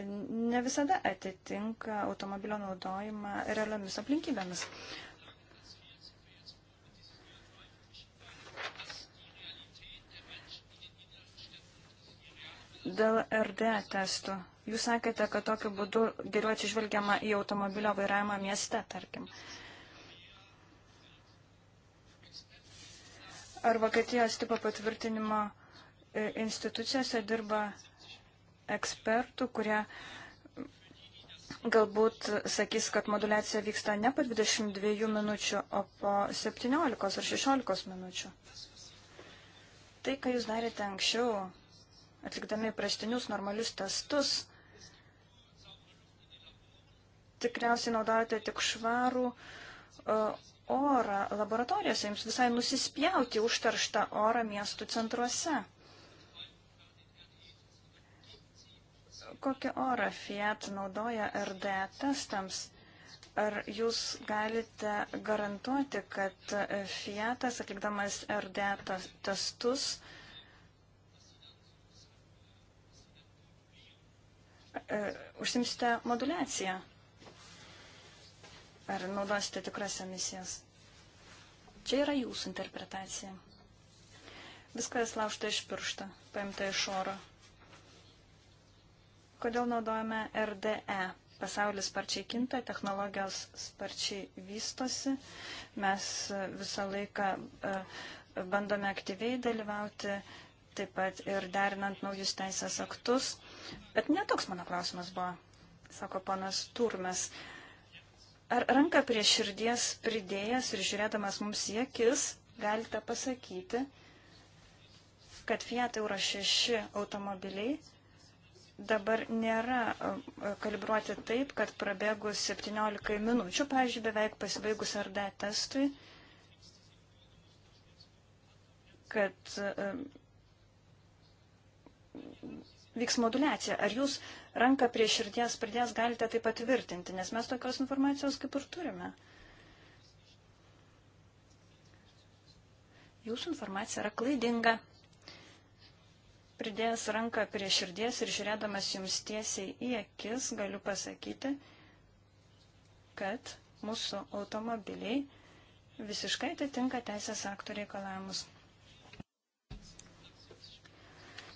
ne visada atitinka automobilio naudojimą realiomis aplinkybėmis. Dėl RDA testų Jūs sakėte, kad tokiu būdu geriau atsižvelgiama į automobilio vairavimą mieste, tarkim. Ar Vokietijos tipo patvirtinimo e, institucijose dirba ekspertų, kurie galbūt sakys, kad modulacija vyksta ne po 22 minučių, o po 17 ar 16 minučių. Tai, ką jūs darėte anksčiau, atlikdami prastinius normalius testus, tikriausiai naudojate tik švarų e, orą laboratorijose, jums visai nusispjauti užterštą orą miestų centruose. Kokią orą Fiat naudoja RD testams? Ar jūs galite garantuoti, kad Fiatas, atlikdamas RD testus, e, užsimsite modulaciją? Ar naudosite tikras emisijas? Čia yra jūsų interpretacija. Viskas laužta iš piršto, paimta iš oro. Kodėl naudojame RDE? Pasaulis sparčiai kinta, technologijos sparčiai vystosi. Mes e, visą laiką e, bandome aktyviai dalyvauti, taip pat ir derinant naujus teisės aktus. Bet netoks mano klausimas buvo, sako panas Turmes. Ar ranką prie širdies pridėjęs ir žiūrėdamas mums į akis, galite pasakyti, kad Fiat Euro 6 automobiliai dabar nėra e, kalibruoti taip, kad prabėgus 17 minučių, pavyzdžiui, beveik pasibaigus RD testui, kad e, vyks modulacija. Ar jūs ranką prie širdies pridės, galite tai patvirtinti, nes mes tokios informacijos kaip ir turime. Jūsų informacija yra klaidinga. Pridėjęs ranką prie širdies ir žiūrėdamas jums tiesiai į akis, galiu pasakyti, kad mūsų automobiliai visiškai atitinka teisės aktų reikalavimus.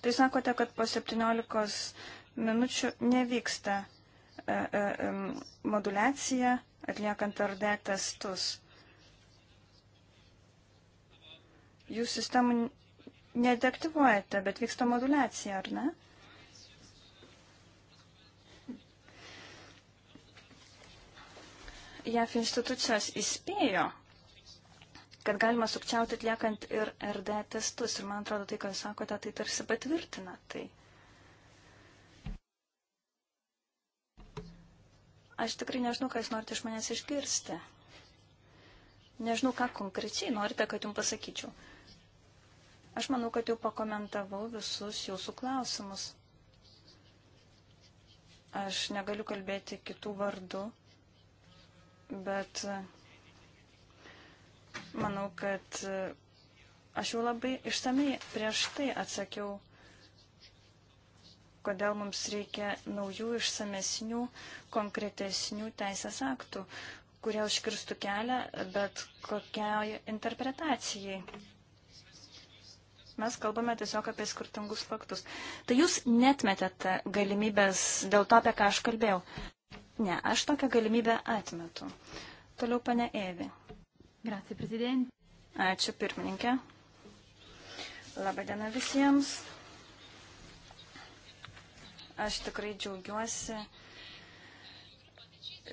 Tai sakote, kad po 17 minučių nevyksta e, e, modulacija atliekant RD testus. Jūs sistemų nedeaktyvuojate, bet vyksta modulacija, ar ne? JAF institucijos įspėjo, kad galima sukčiauti atliekant ir RD testus. Ir man atrodo, tai, ką jūs sakote, tai tarsi patvirtina tai. Aš tikrai nežinau, ką jūs norite iš manęs išgirsti. Nežinau, ką konkrečiai norite, kad jums pasakyčiau. Aš manau, kad jau pakomentavau visus jūsų klausimus. Aš negaliu kalbėti kitų vardų, bet e, manau, kad e, aš jau labai išsamei prieš tai atsakiau kodėl mums reikia naujų išsamesnių, konkretesnių teisės aktų, kurie užkirstų kelią bet kokiai interpretacijai. Mes kalbame tiesiog apie skirtingus faktus. Tai jūs netmetėte galimybės dėl to, apie ką aš kalbėjau. Ne, aš tokią galimybę atmetu. Toliau pane Evi. Grazie, prezidentė. Ačiū, pirmininkė. Labadiena visiems. Aš tikrai džiaugiuosi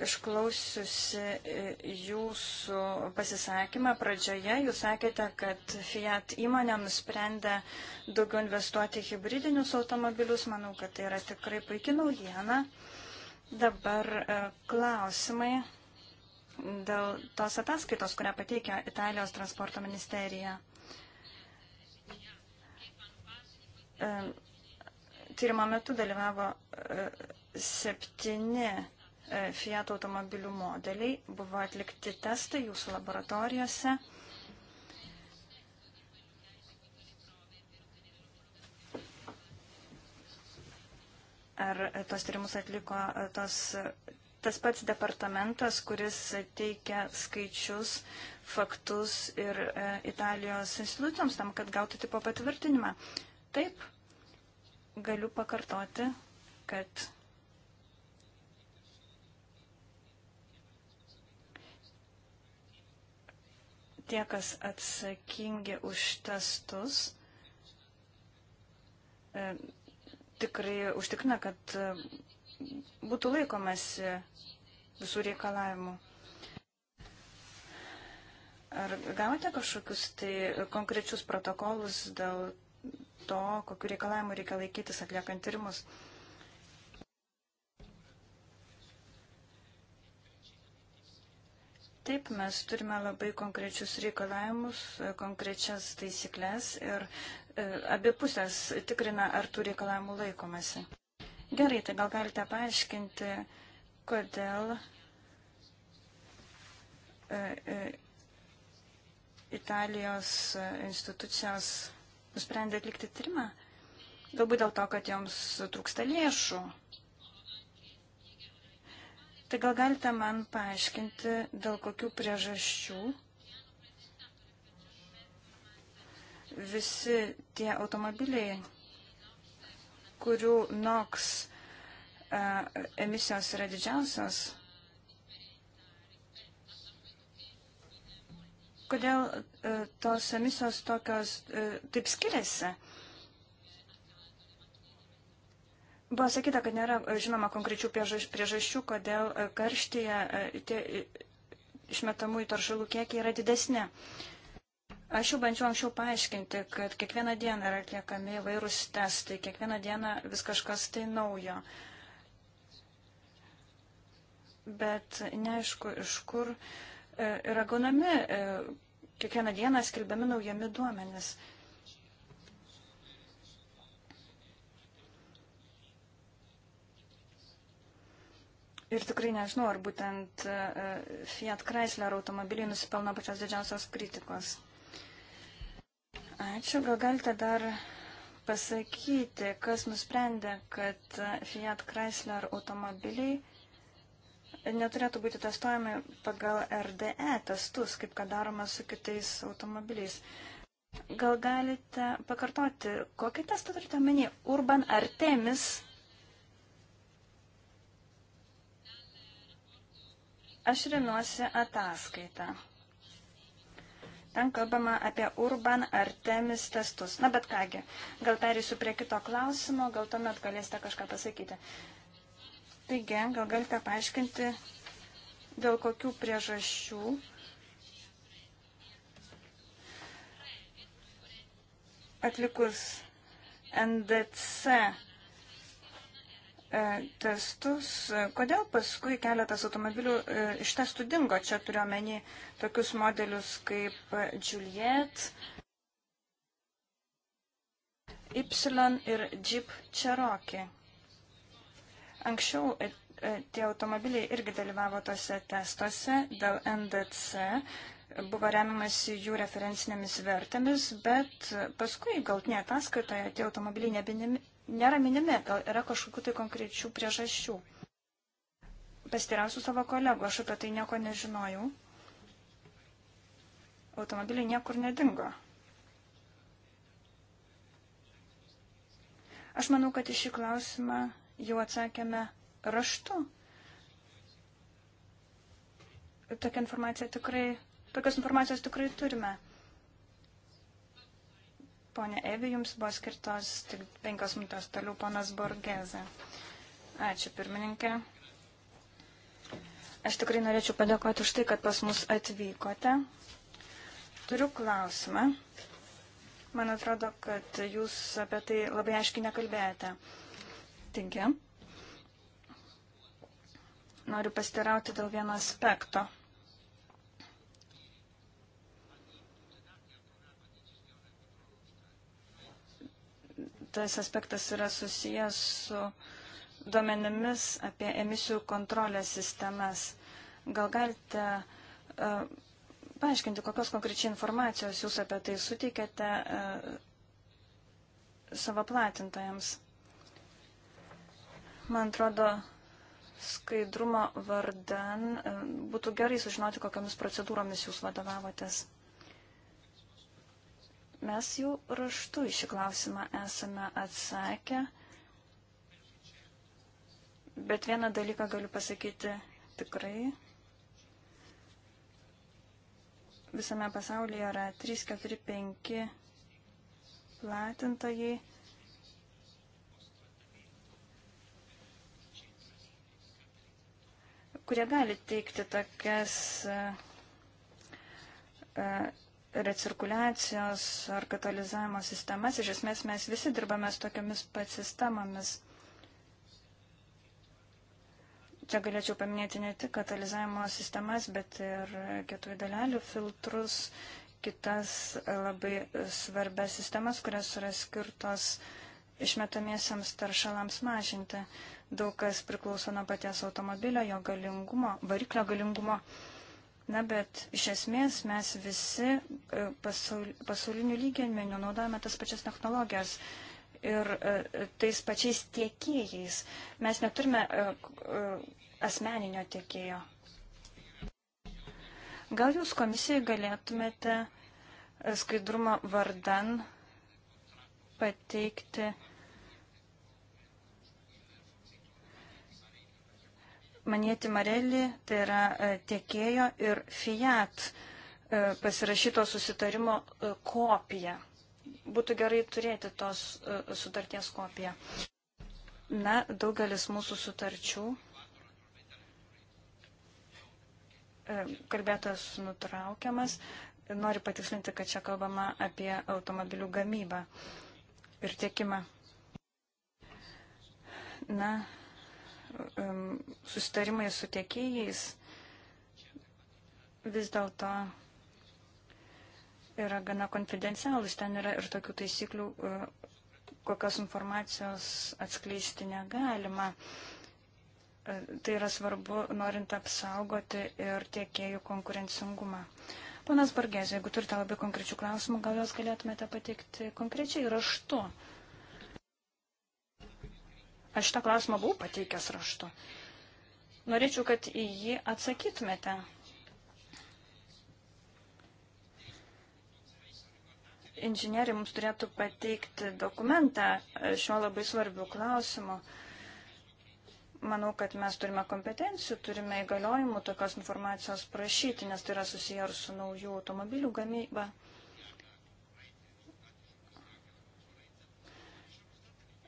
išklausiusi e, jūsų pasisakymą pradžioje. Jūs sakėte, kad Fiat įmonė nusprendė daugiau investuoti į hybridinius automobilius. Manau, kad tai yra tikrai puikia naujiena. Dabar e, klausimai dėl tos ataskaitos, kurią pateikia Italijos transporto ministerija. E, tyrimo metu dalyvavo e, septyni e, Fiat automobilių modeliai, buvo atlikti testai jūsų laboratorijose. Ar tos tyrimus atliko e, tos, tas pats departamentas, kuris teikia skaičius, faktus ir Italijos institucijoms tam, kad gautų tipo patvirtinimą? Taip galiu pakartoti, kad tie, kas atsakingi už testus, e, tikrai užtikrina, kad e, būtų laikomasi visų reikalavimų. Ar gavote kažkokius tai konkrečius protokolus dėl to, kokiu reikalavimu reikia laikytis atliekant tyrimus. Taip, mes turime labai konkrečius reikalavimus, konkrečias taisyklės ir e, abi pusės tikrina, ar tų reikalavimų laikomasi. Gerai, tai gal galite paaiškinti, kodėl e, e, Italijos institucijos nusprendė atlikti tyrimą? Galbūt dėl to, kad joms trūksta lėšų. Tai gal galite man paaiškinti, dėl kokių priežasčių visi tie automobiliai, kurių NOX e, emisijos yra didžiausios, Kodėl e, tos emisijos tokios e, taip skiriasi? Buvo sakyta, kad nėra e, žinoma konkrečių priežasčių, kodėl karštyje tie išmetamųjų taršalų kiekiai yra didesni. Aš jau bandžiau anksčiau paaiškinti, kad kiekvieną dieną yra atliekami vairūs testai, kiekvieną dieną vis kažkas tai naujo. Bet neaišku, iš kur yra gaunami kiekvieną dieną skelbiami naujami duomenys. Ir tikrai nežinau, ar būtent e, e, Fiat Chrysler automobiliai nusipelno pačios didžiausios kritikos. Ačiū, gal galite dar pasakyti, kas nusprendė, kad e, Fiat Chrysler automobiliai neturėtų būti testuojami pagal RDE testus, kaip kad daroma su kitais automobiliais. Gal galite pakartoti, kokį testą turite omeny? Urban Artemis aš remiuosi ataskaitą. Ten kalbama apie Urban Artemis testus. Na bet kągi, gal perėsiu prie kito klausimo, gal tuomet galėsite kažką pasakyti. Taigi, gal galite paaiškinti, dėl kokių priežasčių atlikus NDC e, testus, e, kodėl paskui keletas automobilių e, iš testų dingo. Čia turiuomenį tokius modelius kaip Juliet, Y ir Jeep Cherokee. Anksčiau e, e, tie automobiliai irgi dalyvavo tose testuose dėl NDC, buvo remiamasi jų referencinėmis vertėmis, bet paskui galtinė ataskaitoje tie automobiliai nebinimi, nėra minimi, gal yra kažkokių tai konkrečių priežasčių. Pastirausiu savo kolegų, aš apie tai nieko nežinojau. Automobiliai niekur nedingo. Aš manau, kad į šį klausimą jau atsakėme raštu. Tokia informacija tikrai, tokios informacijos tikrai turime. Pone Evi, jums buvo skirtos tik penkios minutės toliau ponas Borgeze. Ačiū pirmininkė. Aš tikrai norėčiau padėkoti už tai, kad pas mus atvykote. Turiu klausimą. Man atrodo, kad jūs apie tai labai aiškiai nekalbėjote mitinge. Noriu pastirauti dėl vieno aspekto. Tas aspektas yra susijęs su duomenimis apie emisijų kontrolės sistemas. Gal galite uh, paaiškinti, kokios konkrečiai informacijos jūs apie tai suteikėte uh, savo platintojams? Man atrodo, skaidrumo vardan e, būtų gerai sužinoti, kokiamis procedūromis jūs vadovavotės. Mes jau raštu į šį klausimą esame atsakę, bet vieną dalyką galiu pasakyti tikrai. Visame pasaulyje yra 3, 4, 5 platintojai kurie gali teikti tokias e, e, recirkuliacijos ar katalizavimo sistemas. Iš esmės mes visi dirbame su tokiamis pat sistemomis. Čia galėčiau paminėti ne tik katalizavimo sistemas, bet ir kietųjų dalelių filtrus, kitas labai svarbes sistemas, kurias yra skirtos uh, išmetamiesiams taršalams mažinti. Daug kas priklauso nuo paties automobilio, jo galingumo, variklio galingumo. Na, bet iš esmės mes visi e, pasaulinių lygienmenių naudojame tas pačias technologijas ir e, tais pačiais tiekėjais. Mes neturime e, asmeninio tiekėjo. Gal jūs komisijai galėtumėte skaidrumo vardan pateikti Manėti Marelli, tai yra e, tiekėjo ir Fiat e, pasirašyto susitarimo e, kopija. Būtų gerai turėti tos sutarties kopiją. Na, daugelis mūsų sutarčių. Kalbėtas nutraukiamas. Noriu patikslinti, kad čia kalbama apie automobilių gamybą ir tiekimą. Na, susitarimai su tiekėjais vis dėlto yra gana konfidencialus. Ten yra ir tokių taisyklių, e, kokios informacijos atskleisti negalima. E, tai yra svarbu, norint apsaugoti ir tiekėjų konkurencingumą. Ponas Bargės, jeigu turite labai konkrečių klausimų, gal jos galėtumėte pateikti konkrečiai raštu. Uh, Aš šitą klausimą buvau pateikęs raštu. Norėčiau, kad į jį atsakytumėte. Inžinieriai mums turėtų pateikti dokumentą šiuo labai svarbiu klausimu. Manau, kad mes turime kompetencijų, turime įgaliojimų tokios informacijos prašyti, nes tai yra susiję ir su naujų automobilių gamyba.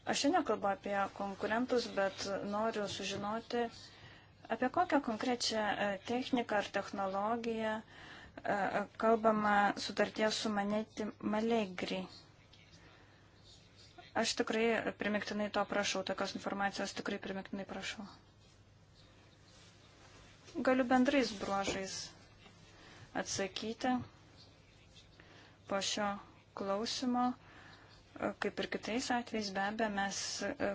Aš čia nekalbu apie konkurentus, bet noriu sužinoti, apie kokią konkrečią e, techniką ar technologiją e, kalbama sutarties su manėti Malegri. Aš tikrai primiktinai to prašau, tokios informacijos tikrai primiktinai prašau. Galiu bendrais bruožais atsakyti po šio klausimo kaip ir kitais atvejais, be abejo, mes e,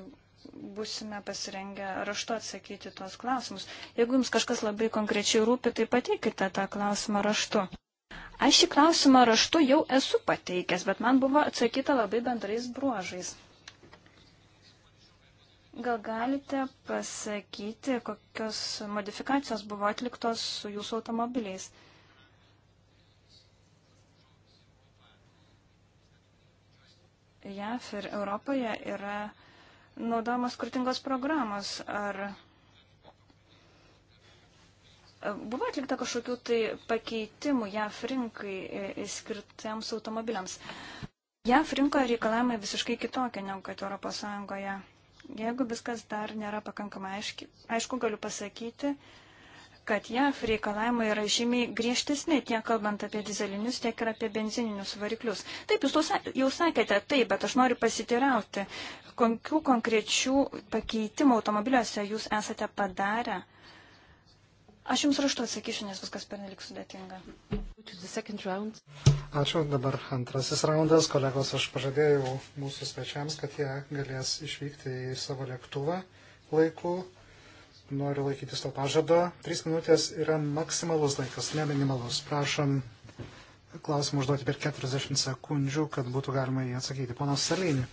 busime pasirengę raštu atsakyti tuos klausimus. Jeigu jums kažkas labai konkrečiai rūpi, tai pateikite tą klausimą raštu. Aš šį klausimą raštu jau esu pateikęs, bet man buvo atsakyta labai bendrais bruožais. Gal galite pasakyti, kokios modifikacijos buvo atliktos su jūsų automobiliais? JAF ir Europoje yra naudojamos skirtingos programos. Ar e, buvo atlikta kažkokių tai pakeitimų JAF rinkai e, skirtiems automobiliams? JAF rinkoje reikalavimai visiškai kitokie negu kad ES. Jeigu viskas dar nėra pakankamai aiški, aišku, galiu pasakyti, kad JAF reikalavimai yra žymiai griežtesni, tiek kalbant apie dizelinius, tiek ir apie benzininius variklius. Taip, jūs jau sakėte taip, bet aš noriu pasitirauti, kokių konkrečių pakeitimų automobiliuose jūs esate padarę. Aš jums raštu atsakysiu, nes viskas pernelik sudėtinga. Ačiū, dabar antrasis raundas. Kolegos, aš pažadėjau mūsų svečiams, kad jie galės išvykti į savo lėktuvą laiku noriu laikytis to pažado. Trys minutės yra maksimalus laikas, ne minimalus. Prašom klausimų užduoti per 40 sekundžių, kad būtų galima jį atsakyti. Ponas Salinį.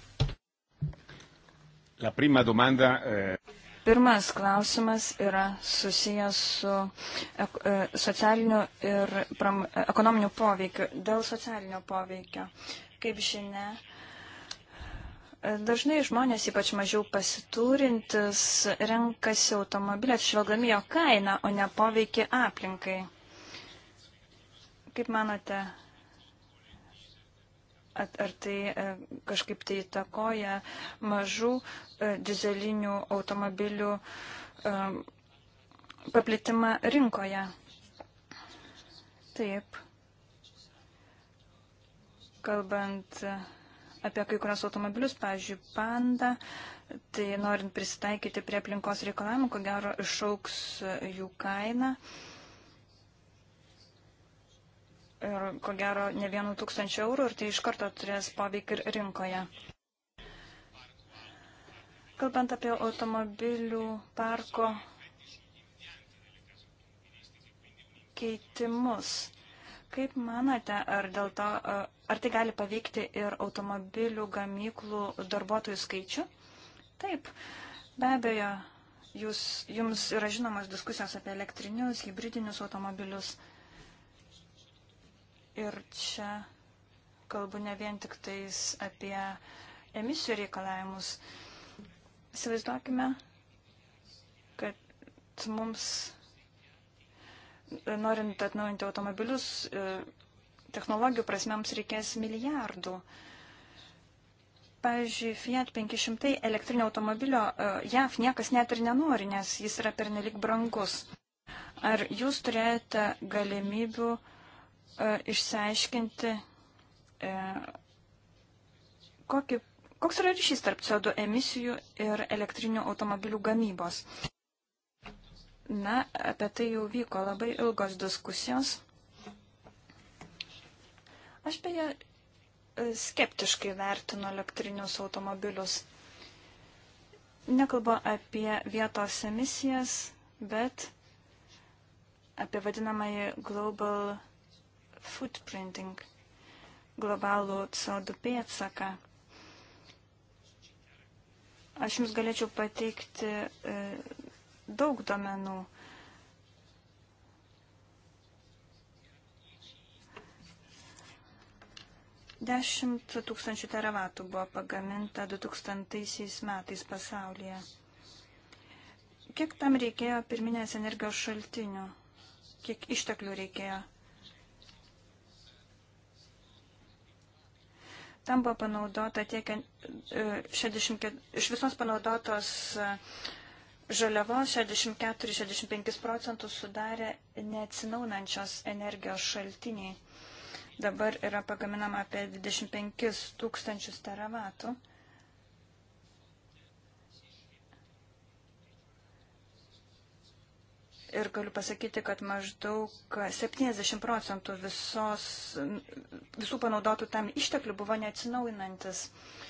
Domanda, e... Pirmas klausimas yra susijęs su e, socialiniu ir pram, e, ekonominiu poveikiu. Dėl socialinio poveikio. Kaip žinia, e, Dažnai žmonės, ypač mažiau pasiturintis, renkasi automobilį atšvelgdami jo kainą, o ne poveikį aplinkai. Kaip manote, ar tai e, kažkaip tai įtakoja mažų e, dizelinių automobilių e, paplitimą rinkoje? Taip. Kalbant apie kai kurios automobilius, pavyzdžiui, panda, tai norint prisitaikyti prie aplinkos reikalavimų, ko gero išauks jų kaina. Ir ko gero ne vienu tūkstančiu eurų ir tai iš karto turės poveikį ir rinkoje. Kalbant apie automobilių parko keitimus. Kaip manote, ar, to, ar tai gali paveikti ir automobilių gamyklų darbuotojų skaičių? Taip, be abejo, jūs, jums yra žinomas diskusijos apie elektrinius, hybridinius automobilius. Ir čia kalbu ne vien tik tais apie emisijų reikalavimus. Įsivaizduokime, kad mums norint atnaujinti automobilius, e, technologijų prasmėms reikės milijardų. Pavyzdžiui, Fiat 500 elektrinio automobilio e, JAV niekas net ir nenori, nes jis yra pernelik brangus. Ar jūs turėjote galimybių e, išsiaiškinti, kokį, koks yra ryšys tarp CO2 emisijų ir elektrinių automobilių gamybos? Na, apie tai jau vyko labai ilgos diskusijos. Aš beje e, skeptiškai vertinu elektrinius automobilius. Nekalbu apie vietos emisijas, bet apie vadinamąjį global footprinting, globalų CO2 pėtsaką. Aš jums galėčiau pateikti e, daug domenų. Dešimt tūkstančių teravatų buvo pagaminta 2000 metais pasaulyje. Kiek tam reikėjo pirminės energijos šaltinių? Kiek išteklių reikėjo? Tam buvo panaudota tiek 64, e, iš visos panaudotos uh, žaliavos 64-65 procentus sudarė neatsinaunančios energijos šaltiniai. Dabar yra pagaminama apie 25 tūkstančius teravatų. Ir galiu pasakyti, kad maždaug 70 procentų visos, visų panaudotų tam išteklių buvo neatsinaujinantis. Uh,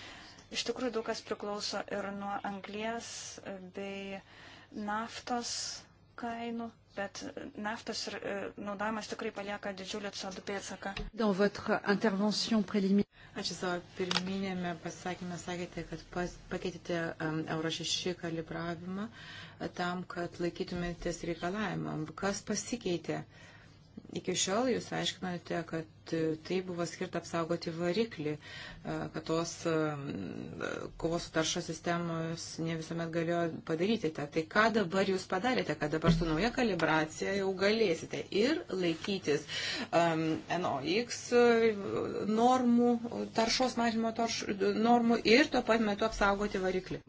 Iš tikrųjų daug kas priklauso ir nuo anglies bei naftos kainų, bet naftos ir e, naudojimas tikrai palieka didžiulį CO2 pėdsaką. Ačiū savo pirminėme pasakymė, sakėte, kad pas, pakeitėte um, Euro 6 kalibravimą e, tam, kad laikytumėtės reikalavimam. Kas pasikeitė? Iki šiol jūs aiškinote, kad E, tai buvo skirta apsaugoti variklį, e, kad tos e, kovos su tarša sistemos ne visuomet galėjo padaryti tą. Tai ką dabar jūs padarėte, kad dabar su nauja kalibracija jau galėsite ir laikytis um, NOX normų, taršos mažimo tarš, normų ir tuo pat metu apsaugoti variklį.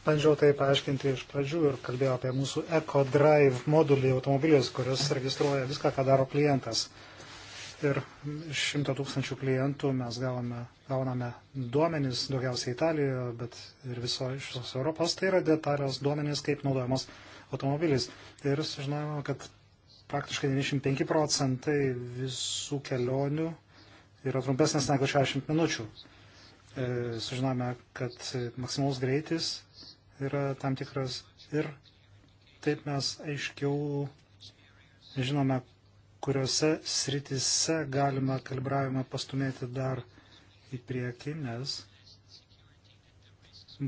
Bandžiau tai paaiškinti iš pradžių ir kalbėjau apie mūsų EcoDrive modulį automobilius, kuris registruoja viską, ką daro klientas ir 100 tūkstančių klientų mes gavome, gauname duomenys, daugiausiai Italijoje, bet ir viso, iš visos Europos. Tai yra detalios duomenys, kaip naudojamos automobilis. Ir sužinojome, kad praktiškai 95 procentai visų kelionių yra trumpesnės negu 60 minučių. E, sužinojome, kad maksimalus greitis yra tam tikras ir taip mes aiškiau žinome, kuriuose sritise galima kalibravimą pastumėti dar į priekį, nes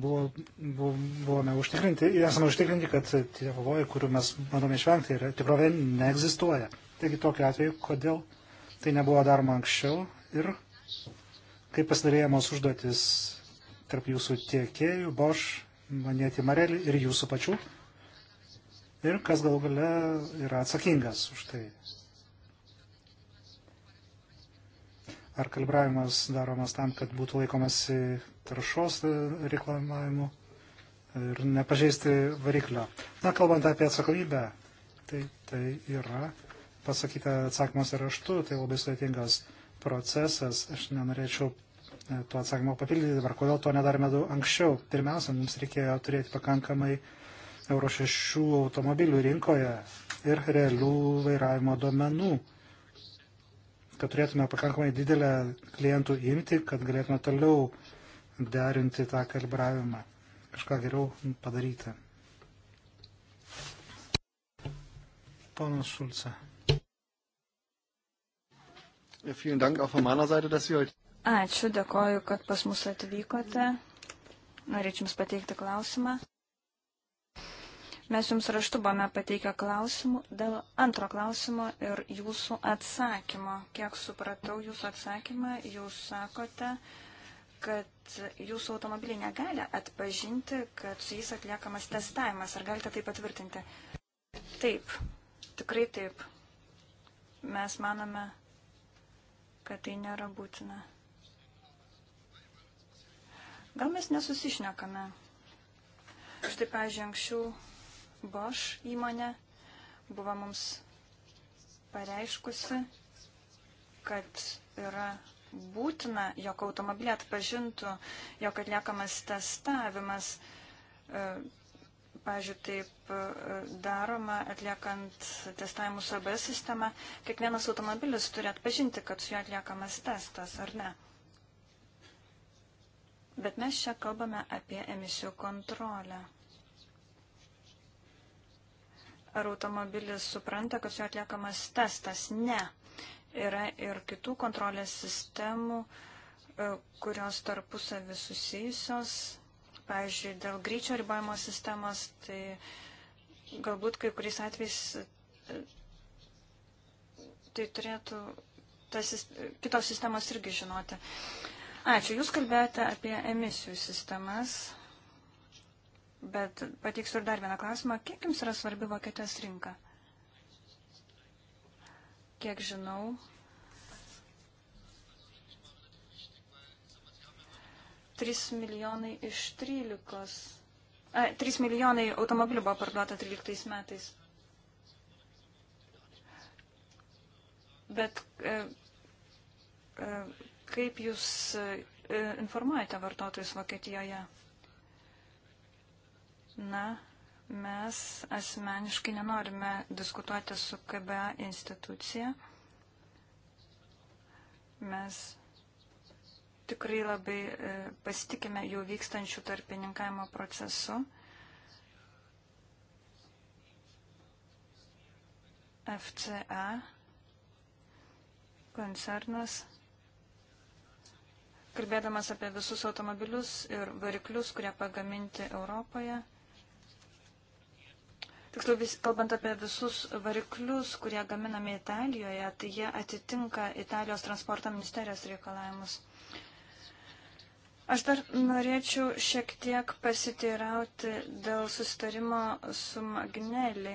buvo, buvo, buvome užtikrinti, esame užtikrinti, kad tie pavojai, kurių mes bandome išvengti, yra tikrovė neegzistuoja. Taigi tokiu atveju, kodėl tai nebuvo daroma anksčiau ir kaip pasidarėjamos užduotis tarp jūsų tiekėjų, Bosch, Manėti Marelį ir jūsų pačių. Ir kas gal gale yra atsakingas už tai. ar kalibravimas daromas tam, kad būtų laikomasi taršos e, reklamavimu ir nepažeisti variklio. Na, kalbant apie atsakomybę, tai, tai yra pasakyta atsakymas raštu, tai labai sudėtingas procesas. Aš nenorėčiau e, tuo atsakymu papildyti dabar, kodėl to nedarėme anksčiau. Pirmiausia, mums reikėjo turėti pakankamai Euro 6 automobilių rinkoje ir realių vairavimo duomenų kad turėtume pakankamai didelę klientų imti, kad galėtume toliau derinti tą kalibravimą, kažką geriau padaryti. Ponas Šulce. Ačiū, dėkoju, kad pas mus atvykote. Norėčiau Jums pateikti klausimą. Mes jums raštu buvome pateikę klausimų dėl antro klausimo ir jūsų atsakymo. Kiek supratau jūsų atsakymą, jūs sakote, kad jūsų automobiliai negali atpažinti, kad su jais atliekamas testavimas. Ar galite tai patvirtinti? Taip, tikrai taip. Mes manome, kad tai nėra būtina. Gal mes nesusišnekame? Štai, pažiūrėjau, anksčiau Bosch įmonė buvo mums pareiškusi, kad yra būtina, jog automobilį atpažintų, jog atliekamas testavimas. E, pavyzdžiui, taip e, daroma, atliekant testavimus ABS sistemą, kiekvienas automobilis turi atpažinti, kad su juo atliekamas testas, ar ne. Bet mes čia kalbame apie emisijų kontrolę ar automobilis supranta, kad jo atliekamas testas. Ne. Yra ir kitų kontrolės sistemų, e, kurios tarpusavį susijusios. Pavyzdžiui, dėl greičio ribojimo sistemos, tai galbūt kai kuriais atvejais e, tai turėtų tas, kitos sistemos irgi žinoti. Ačiū. Jūs kalbėjote apie emisijų sistemas bet pateiksiu ir dar vieną klausimą. Kiek jums yra svarbi Vokietijos rinka? Kiek žinau, trys milijonai iš trylikos. 3 milijonai automobilių buvo parduota 13 metais. Bet e, e, kaip jūs e, informuojate vartotojus Vokietijoje? Na, mes asmeniškai nenorime diskutuoti su KBA institucija. Mes tikrai labai e, pasitikime jų vykstančių tarpininkavimo procesu. FCA koncernas, kalbėdamas apie visus automobilius ir variklius, kurie pagaminti Europoje, Tiksliau, vis, kalbant apie visus variklius, kurie gaminami Italijoje, tai jie atitinka Italijos transporto ministerijos reikalavimus. Aš dar norėčiau šiek tiek pasiteirauti dėl sustarimo su Magnelį.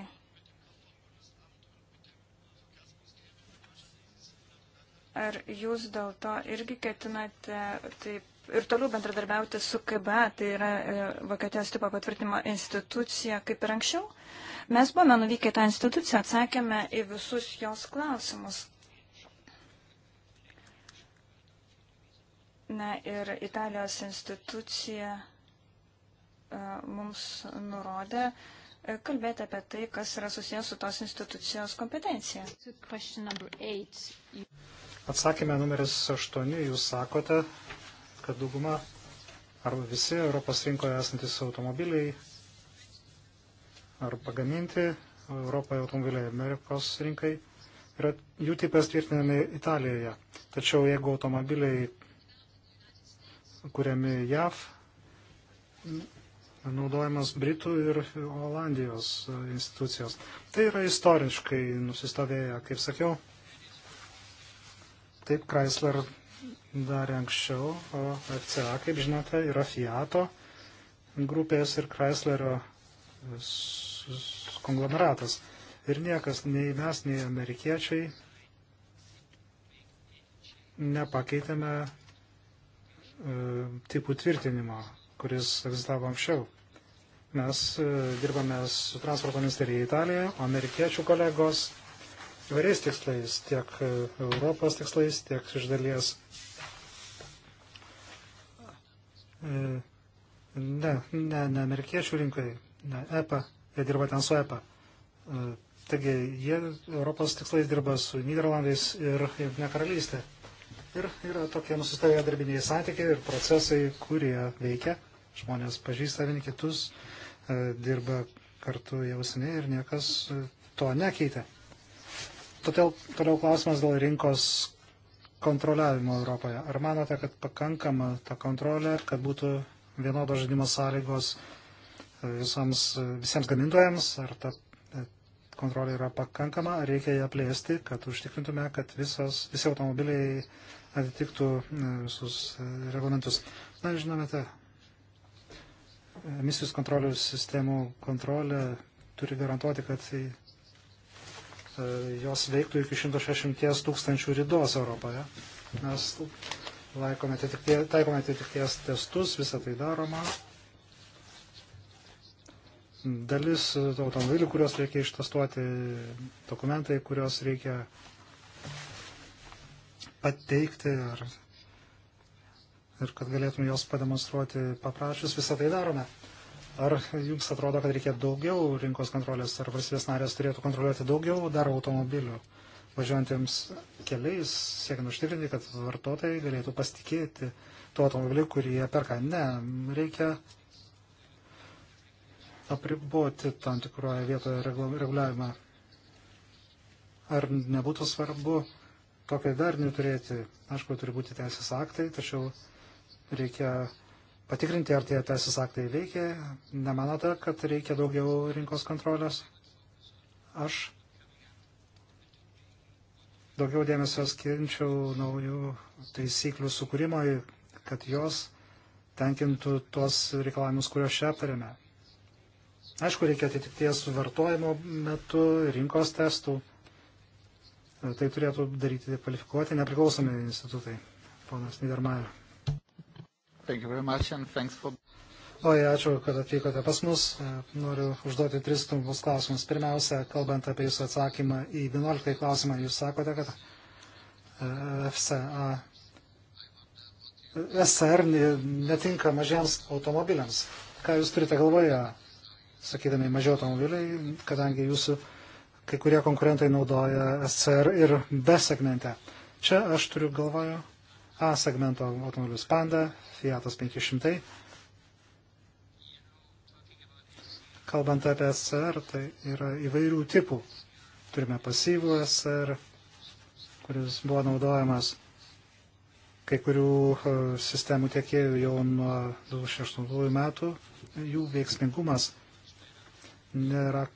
Ar jūs dėl to irgi ketinate taip ir toliau bendradarbiauti su KBA, tai yra e, Vokietijos tipo patvirtinimo institucija, kaip ir anksčiau. Mes buvome nuvykę į tą instituciją, atsakėme į visus jos klausimus. Na ir Italijos institucija e, mums nurodė e, kalbėti apie tai, kas yra susijęs su tos institucijos kompetencija. Atsakymė numeris 8, jūs sakote, kad dauguma arba visi Europos rinkoje esantis automobiliai ar pagaminti Europoje automobiliai Amerikos rinkai yra jų tipas tvirtinami Italijoje. Tačiau jeigu automobiliai kuriami JAV, naudojamas Britų ir Olandijos institucijos. Tai yra istoriškai nusistovėję, kaip sakiau. Taip Chrysler darė anksčiau, o FCA, kaip žinote, yra Fiato grupės ir Chryslerio konglomeratas. Ir niekas, nei mes, nei amerikiečiai nepakeitėme e, tipų tvirtinimo, kuris egzistavo anksčiau. Mes e, dirbame su transporto ministerija Italijoje, o amerikiečių kolegos įvairiais tikslais, tiek e, Europos tikslais, tiek iš dalies ne, ne, ne amerikiečių rinkai, ne EPA, jie dirba ten su EPA. E, taigi, jie Europos tikslais dirba su Niderlandais ir Jungtinė karalystė. Ir yra tokie nusistovėję darbiniai santykiai ir procesai, kurie veikia. Žmonės pažįsta vieni kitus, e, dirba kartu jau seniai ir niekas e, to nekeitė. Todėl toliau klausimas dėl rinkos kontroliavimo Europoje. Ar manote, kad pakankama ta kontrolė, kad būtų vienodos žaidimo sąlygos e, visoms, e, visiems gamintojams, ar ta e, kontrolė yra pakankama, reikia ją plėsti, kad užtikrintume, kad visos, visi automobiliai atitiktų visus reglamentus. Na, žinomite, emisijos kontrolių sistemų kontrolė turi garantuoti, kad E, jos veiktų iki 160 tūkstančių rydos Europoje. Mes laikome atitikties, taikome atitikties testus, visą tai daroma. Dalis automobilių, kuriuos reikia ištestuoti, dokumentai, kuriuos reikia pateikti ar, ir kad galėtume juos pademonstruoti paprašus, visą tai darome. Ar jums atrodo, kad reikia daugiau rinkos kontrolės, ar valstybės narės turėtų kontroliuoti daugiau dar automobilių važiuojantiems keliais, siekiant užtikrinti, kad vartotojai galėtų pasitikėti tuo automobiliu, kurį jie perka? Ne, reikia apriboti tam tikroje vietoje reguliavimą. Ar nebūtų svarbu tokio darnių turėti? Aišku, turi būti teisės aktai, tačiau reikia patikrinti, ar tie teisės aktai veikia. Nemanote, kad reikia daugiau rinkos kontrolės? Aš daugiau dėmesio skirčiau naujų taisyklių sukūrimui, kad jos tenkintų tuos reikalavimus, kuriuos čia aptarėme. Aišku, reikia atitikties vartojimo metu, rinkos testų. Tai turėtų daryti kvalifikuoti nepriklausomi institutai, ponas Nidermajer. Thank you very much and thanks for... Oi, ačiū, kad atvykote pas mus. Noriu užduoti tris trumpus klausimus. Pirmiausia, kalbant apie jūsų atsakymą į 11 klausimą, jūs sakote, kad e, FCA, e, SR netinka mažiems automobiliams. Ką jūs turite galvoje, sakydami maži automobiliai, kadangi jūsų kai kurie konkurentai naudoja SCR ir B segmente. Čia aš turiu galvoje A segmento automobilius Panda, Fiatas 500. Kalbant apie SR, tai yra įvairių tipų. Turime pasyvų SR, kuris buvo naudojamas kai kurių e, sistemų tiekėjų jau nuo 2008 metų. Jų veiksmingumas nėra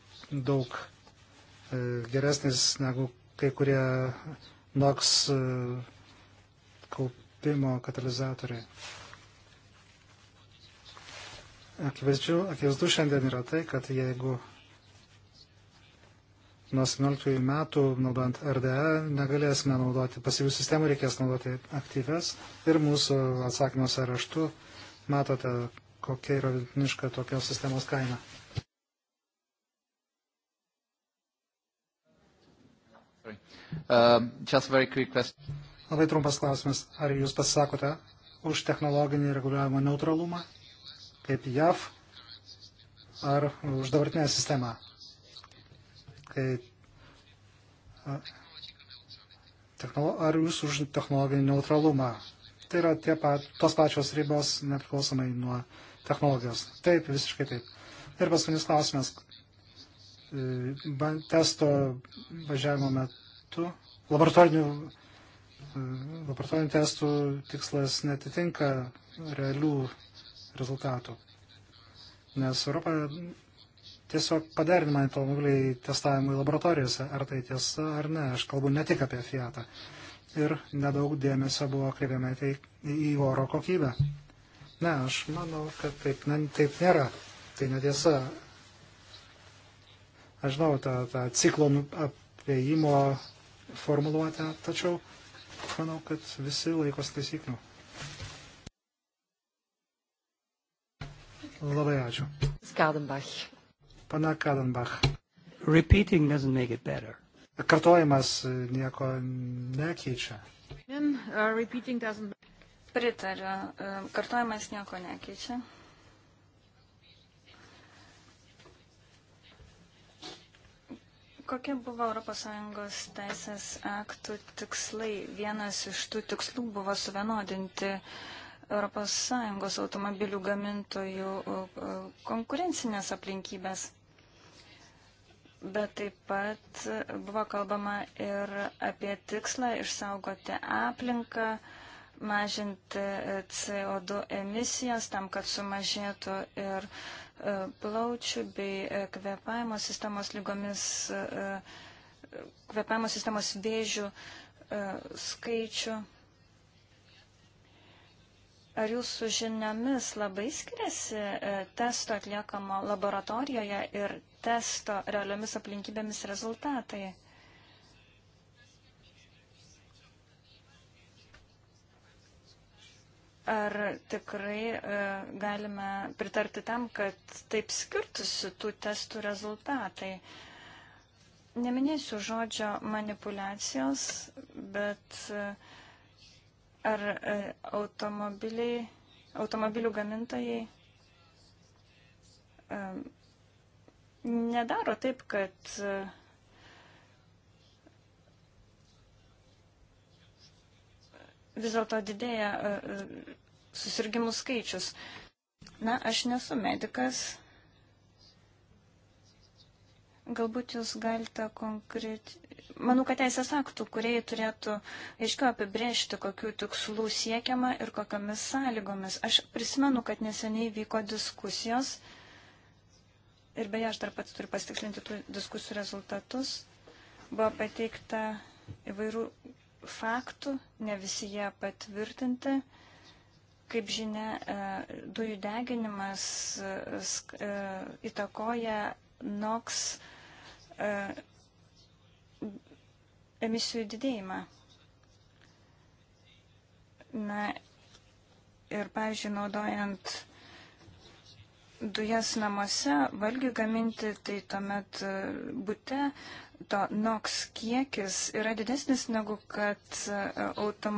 daug e, geresnis negu kai kurie NOX e, kaupimo katalizatoriai. Akivaizdžių, akivaizdu šiandien yra tai, kad jeigu nuo 17 metų, naudojant RDE, negalėsime naudoti pasyvių sistemų, reikės naudoti aktyves. Ir mūsų atsakymuose raštu matote, kokia yra vidutiniška tokios sistemos kaina. Uh, just very quick question. Labai trumpas klausimas. Ar jūs pasisakote už technologinį reguliavimo neutralumą, kaip JAV, ar už dabartinę sistemą? Kai, ar jūs už technologinį neutralumą? Tai yra tie pat, tos pačios ribos nepriklausomai nuo technologijos. Taip, visiškai taip. Ir paskutinis klausimas. E, testo važiavimo metu, laboratorinių laboratorinių testų tikslas netitinka realių rezultatų. Nes Europoje tiesiog padarinama automobiliai testavimui laboratorijose, ar tai tiesa ar ne, aš kalbu ne tik apie Fiatą. Ir nedaug dėmesio buvo kreipiama tai į oro kokybę. Ne, aš manau, kad taip, ne, taip nėra. Tai netiesa. Aš žinau tą, tą ciklo nu, apėjimo formuluotę, tačiau Manau, kad visi laikos taisyklių. Labai ačiū. Skadenbach. Pana Kadenbach. Repeating doesn't make it better. Kartojimas nieko nekeičia. Uh, Pritariu. Uh, kartojimas nieko nekeičia. Kokie buvo ES teisės aktų tikslai? Vienas iš tų tikslų buvo suvienodinti ES automobilių gamintojų konkurencinės aplinkybės. Bet taip pat buvo kalbama ir apie tikslą išsaugoti aplinką, mažinti CO2 emisijas tam, kad sumažėtų ir uh, plaučių bei e, kvepavimo sistemos lygomis, e, e, kvepavimo sistemos vėžių skaičių. Ar jūsų žiniomis labai skiriasi testo atliekamo laboratorijoje ir testo realiomis aplinkybėmis rezultatai? Ar tikrai e, galime pritarti tam, kad taip skirtusi tų testų rezultatai? Neminėsiu žodžio manipulacijos, bet e, ar e, automobiliai, automobilių gamintojai e, nedaro taip, kad e, vis dėlto didėja e, e, susirgymų skaičius. Na, aš nesu medikas. Galbūt jūs galite konkrečiai. Manau, kad teisės aktų, kurie turėtų aiškiau apibrėžti, kokiu tikslu siekiama ir kokiamis sąlygomis. Aš prisimenu, kad neseniai vyko diskusijos ir beje, aš dar pats turiu pasitikslinti tų diskusijų rezultatus. Buvo pateikta įvairių faktų, ne visi jie patvirtinti. Kaip žinia, e, dujų deginimas e, e, įtakoja NOX emisijų didėjimą. Na ir, pavyzdžiui, naudojant dujas namuose, valgį gaminti, tai tuomet būte to NOX kiekis yra didesnis negu kad e, autom,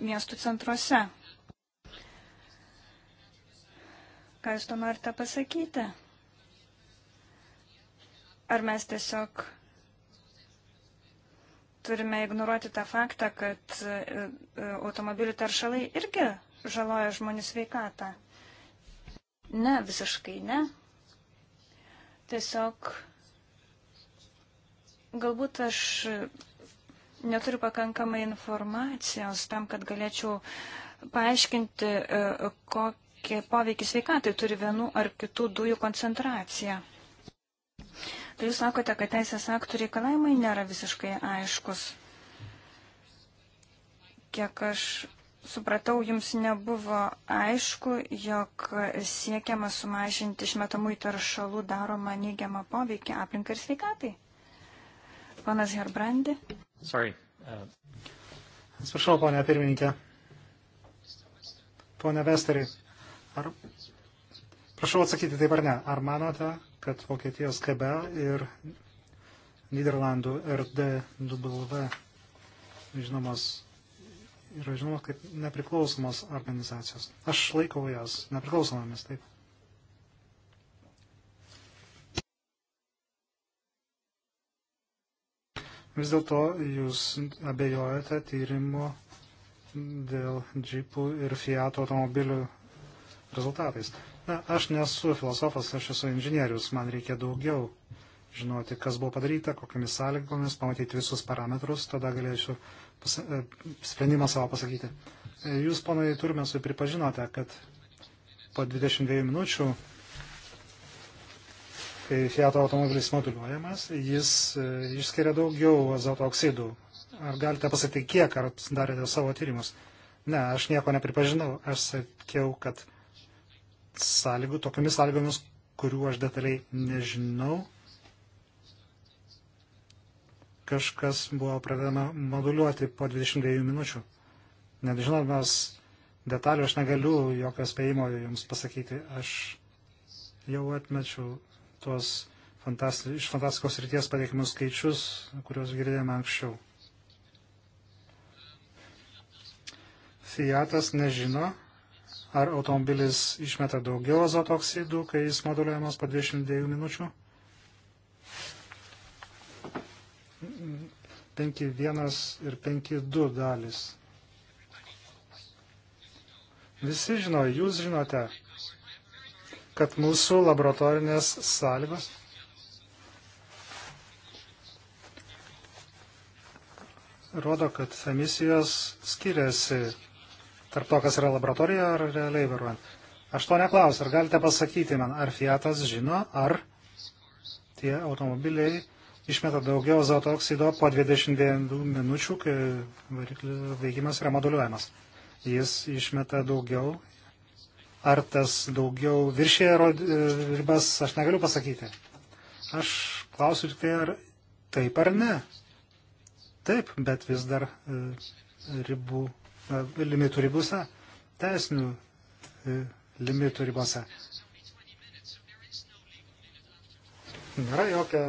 miestų centruose. Ką jūs to norite pasakyti? Ar mes tiesiog turime ignoruoti tą faktą, kad e, e, automobilių taršalai irgi žaloja žmonių sveikatą. Ne, visiškai ne. Tiesiog Galbūt aš neturiu pakankamai informacijos tam, kad galėčiau paaiškinti, e, kokie poveikiai sveikatai turi vienų ar kitų dujų koncentracija. Tai jūs sakote, kad teisės aktų reikalavimai nėra visiškai aiškus. Kiek aš supratau, jums nebuvo aišku, jog siekiama sumažinti išmetamų į taršalų daromą neigiamą poveikį aplinkai ir sveikatai. Panas Herbrandi. Sorry. Uh... Atsiprašau, ponia pirmininkė. Pone Vesteriai, ar... Prašau atsakyti taip ar ne. Ar manote, kad Vokietijos KB ir Niderlandų RDW žinomos yra žinomos kaip nepriklausomos organizacijos. Aš laikau jas nepriklausomomis, taip. Vis dėlto jūs abejojate tyrimo dėl džipų ir Fiat automobilių rezultatais. Na, aš nesu filosofas, aš esu inžinierius, man reikia daugiau žinoti, kas buvo padaryta, kokiamis sąlygomis, pamatyti visus parametrus, tada galėsiu pas, e, sprendimą savo pasakyti. E, jūs, ponai, turime su pripažinote, kad po 22 minučių kai Fiat automobilis moduliuojamas, jis e, išskiria daugiau azoto oksidų. Ar galite pasakyti, kiek ar darėte savo tyrimus? Ne, aš nieko nepripažinau. Aš sakiau, kad sąlygų, tokiamis sąlygomis, kurių aš detaliai nežinau, kažkas buvo pradedama moduliuoti po 22 minučių. Net žinodamas detalių, aš negaliu jokio spėjimo jums pasakyti. Aš jau atmečiau tuos fantasti, iš fantastikos ryties pateikimus skaičius, kuriuos girdėjome anksčiau. Fiatas nežino, ar automobilis išmeta daugiau azoto oksidų, kai jis moduliuojamas po 22 minučių. 5.1 ir 5.2 dalis. Visi žino, jūs žinote, kad mūsų laboratorinės sąlygos rodo, kad emisijos skiriasi tarp to, kas yra laboratorija ar realiai varuojant. Aš to neklausiu, ar galite pasakyti man, ar Fiatas žino, ar tie automobiliai išmeta daugiau azoto oksido po 22 minučių, kai variklio veikimas yra moduliuojamas. Jis išmeta daugiau, Ar tas daugiau viršė ribas, aš negaliu pasakyti. Aš klausiu tik tai, ar taip ar ne. Taip, bet vis dar e, ribų, e, limitų ribose, teisinių e, limitų ribose. Nėra jokio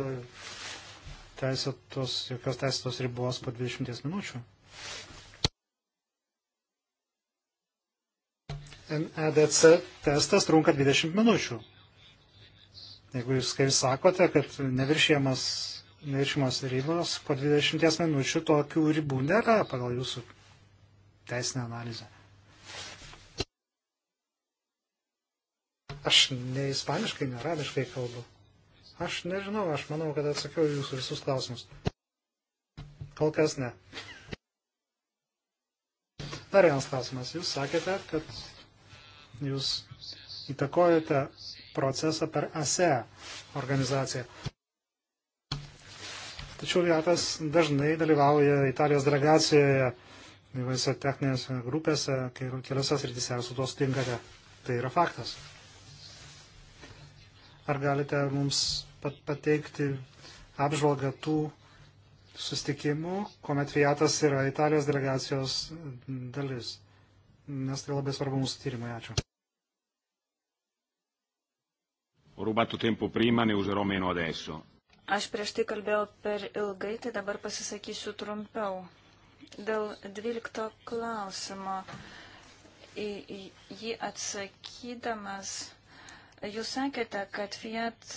teisėtos, jokios teisėtos ribos po 20 minučių. NEDC testas trunka 20 minučių. Jeigu jūs kaip sakote, kad neviršėmas, neviršėmas ribos, po 20 minučių tokių ribų nėra pagal jūsų teisinę analizę. Aš ne ispaniškai, ne arabiškai kalbu. Aš nežinau, aš manau, kad atsakiau jūsų visus klausimus. Kol kas ne. Dar vienas klausimas. Jūs sakėte, kad Jūs įtakojate procesą per ASE organizaciją. Tačiau Lietas dažnai dalyvauja Italijos delegacijoje įvairiose techninėse grupėse, keliose srityse, ar su tuo sutinkate. Tai yra faktas. Ar galite mums pateikti apžvalgą tų sustikimų, kuomet Fiatas yra Italijos delegacijos dalis? nes tai labai svarbu mūsų tyrimai. Ačiū. Rubatų tempo prima, ne užero meno adesso. Aš prieš tai kalbėjau per ilgai, tai dabar pasisakysiu trumpiau. Dėl 12 klausimo. Į, į, jį atsakydamas, jūs sakėte, kad Fiat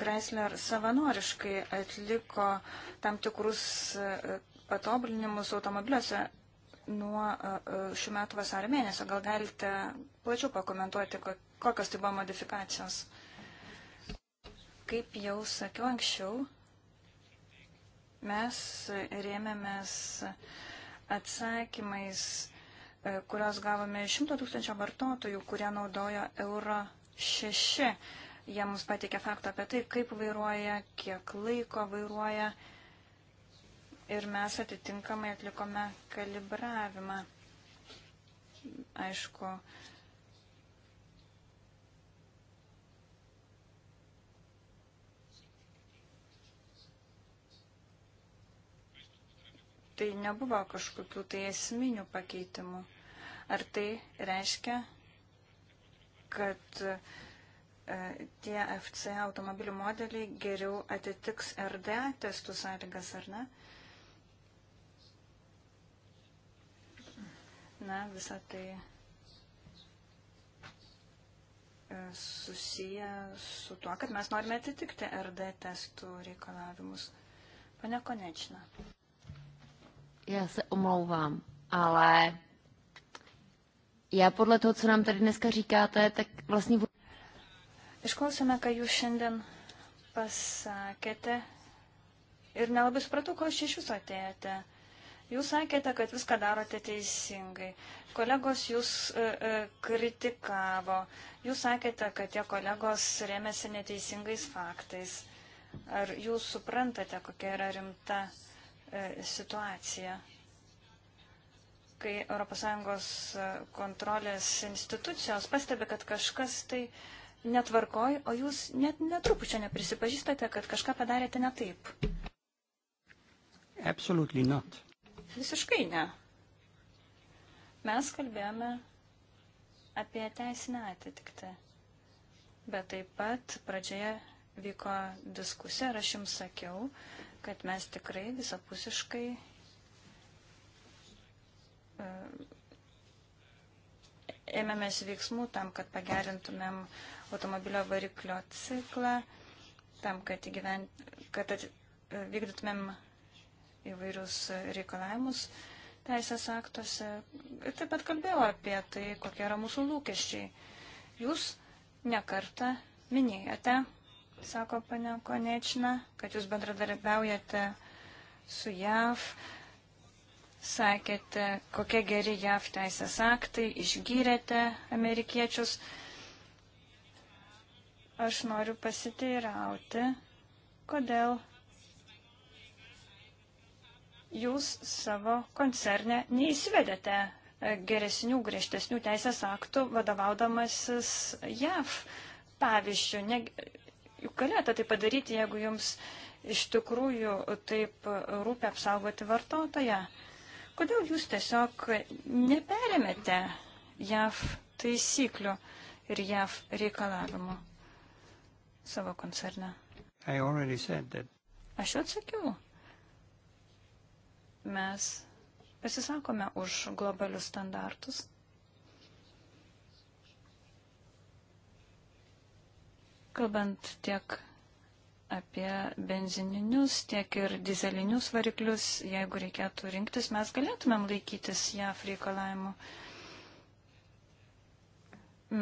Chrysler savanoriškai atliko tam tikrus e, patobulinimus automobiliuose nuo šių metų vasario mėnesio. Gal galite plačiau pakomentuoti, kokios tai buvo modifikacijos? Kaip jau sakiau anksčiau, mes rėmėmės atsakymais, kurios gavome 100 tūkstančio vartotojų, kurie naudojo euro 6. Jie mums patikė faktą apie tai, kaip vairuoja, kiek laiko vairuoja, ir mes atitinkamai atlikome kalibravimą. Aišku, tai nebuvo kažkokių tai esminių pakeitimų. Ar tai reiškia, kad e, tie FC automobilių modeliai geriau atitiks RDA testų sąlygas, ar ne? na, visa tai e, susiję su tuo, kad mes norime atitikti RD testų reikalavimus. Pane Konečna. Já se omlouvám, ale já podle toho, co nám tady dneska říkáte, tak vlastně... Išklausėme, ką jūs šiandien pasakėte ir nelabai supratau, ko iš iš jūsų atėjote. Jūs sakėte, kad viską darote teisingai. Kolegos jūs e, e, kritikavo. Jūs sakėte, kad tie kolegos rėmėsi neteisingais faktais. Ar jūs suprantate, kokia yra rimta e, situacija, kai ES e, kontrolės institucijos pastebi, kad kažkas tai netvarkoj, o jūs net netrupučio neprisipažįstate, kad kažką padarėte ne taip? Absolutely not. Visiškai ne. Mes kalbėjome apie teisinę atitiktį. Bet taip pat pradžioje vyko diskusija ir aš jums sakiau, kad mes tikrai visapusiškai e, ėmėmės veiksmų tam, kad pagerintumėm automobilio variklio ciklą, tam, kad, įgyvent, kad at, vykdytumėm įvairius reikalavimus teisės aktuose. Ir taip pat kalbėjau apie tai, kokie yra mūsų lūkesčiai. Jūs nekartą minėjote, sako pane Konečina, kad jūs bendradarbiaujate su JAV, sakėte, kokie geri JAV teisės aktai, išgyrėte amerikiečius. Aš noriu pasiteirauti, kodėl jūs savo koncerne neįsivedėte geresnių, griežtesnių teisės aktų, vadovaudamasis JAV pavyzdžių. Ne, juk galėjote tai padaryti, jeigu jums iš tikrųjų taip rūpia apsaugoti vartotoją. Kodėl jūs tiesiog neperėmėte JAV taisyklių ir JAV reikalavimų savo koncerne? Aš jau atsakiau. Mes pasisakome už globalius standartus. Kalbant tiek apie benzininius, tiek ir dizelinius variklius, jeigu reikėtų rinktis, mes galėtumėm laikytis JAF reikalavimų.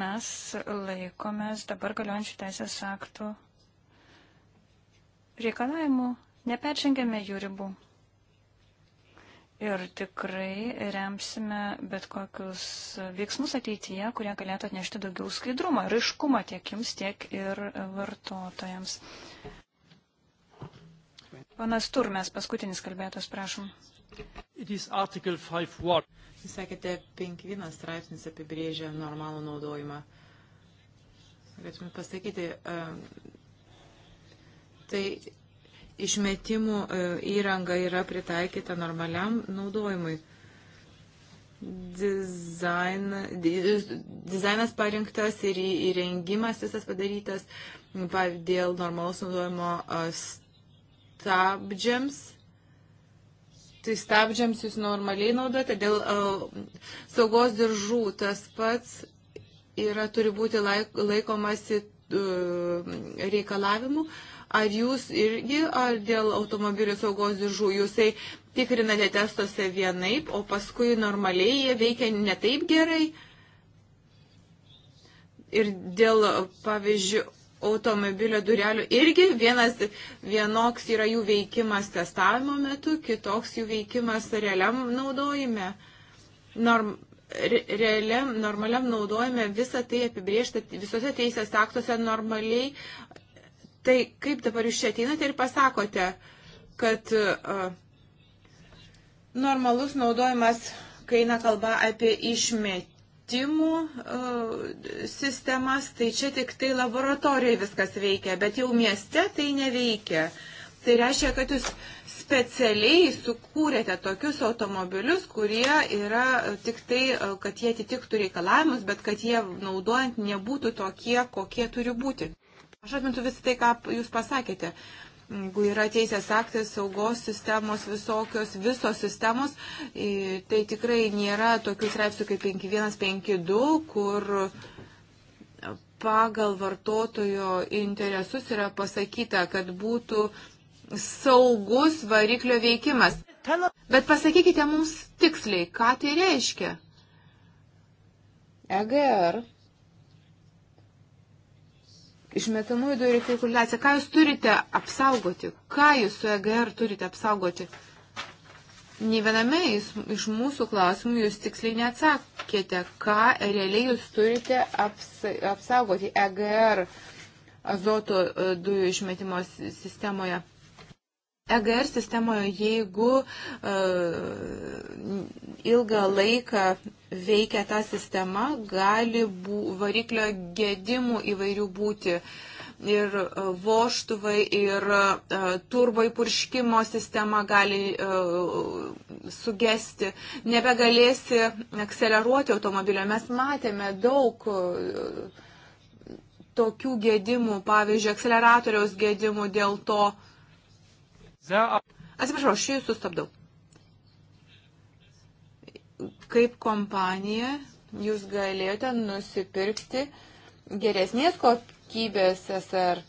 Mes laikomės dabar galiojančių teisės aktų reikalavimų, neperžengėme jų ribų. Ir tikrai remsime bet kokius veiksmus ateityje, kurie galėtų atnešti daugiau skaidrumo ir aiškumo tiek jums, tiek ir vartotojams. Panas Turmes, paskutinis kalbėtas, prašom. Jūs sakėte, 5.1 straipsnis apibrėžia normalų naudojimą. Galėtume pasakyti, um, tai išmetimų e, įranga yra pritaikyta normaliam naudojimui. Dizain, dizainas parinktas ir įrengimas visas padarytas dėl normalaus naudojimo e, stabdžiams. Tai stabdžiams jūs normaliai naudojate, dėl uh, saugos diržų tas pats yra, turi būti laik, laikomasi uh, reikalavimų. Uh, Ar jūs irgi, ar dėl automobilių saugos diržų, jūsai tikrinate testuose vienaip, o paskui normaliai jie veikia ne taip gerai? Ir dėl, pavyzdžiui, automobilio durelių irgi vienas, vienoks yra jų veikimas testavimo metu, kitoks jų veikimas realiam naudojime. Norm, realiam, normaliam naudojime visą tai apibriežta visose teisės aktuose normaliai Tai kaip dabar jūs čia ateinate ir pasakote, kad uh, normalus naudojimas, kai eina kalba apie išmetimų uh, sistemas, tai čia tik tai laboratorijoje viskas veikia, bet jau mieste tai neveikia. Tai reiškia, kad jūs specialiai sukūrėte tokius automobilius, kurie yra tik tai, kad jie atitiktų reikalavimus, bet kad jie naudojant nebūtų tokie, kokie turi būti. Aš atmintu visą tai, ką jūs pasakėte. Jeigu yra teisės aktai, saugos sistemos, visokios, visos sistemos, tai tikrai nėra tokių straipsnių kaip 5152, kur pagal vartotojo interesus yra pasakyta, kad būtų saugus variklio veikimas. Bet pasakykite mums tiksliai, ką tai reiškia. EGR išmetamųjų dujų cirkuliaciją, ką jūs turite apsaugoti, ką jūs su EGR turite apsaugoti. Nė viename iš mūsų klausimų jūs tiksliai neatsakėte, ką realiai jūs turite apsaugoti EGR azoto e, dujų išmetimo sistemoje. EGR sistemoje, jeigu uh, ilgą laiką veikia ta sistema, gali bū, variklio gedimų įvairių būti. Ir e, voštuvai, ir uh, turbo įpurškimo sistema gali uh, sugesti. Nebegalėsi akceleruoti automobilio. Mes matėme daug. Uh, tokių gedimų, pavyzdžiui, akceleratoriaus gedimų dėl to uh, Atsiprašau, aš jūs sustabdau. Kaip kompanija jūs galėjote nusipirkti geresnės kokybės SR,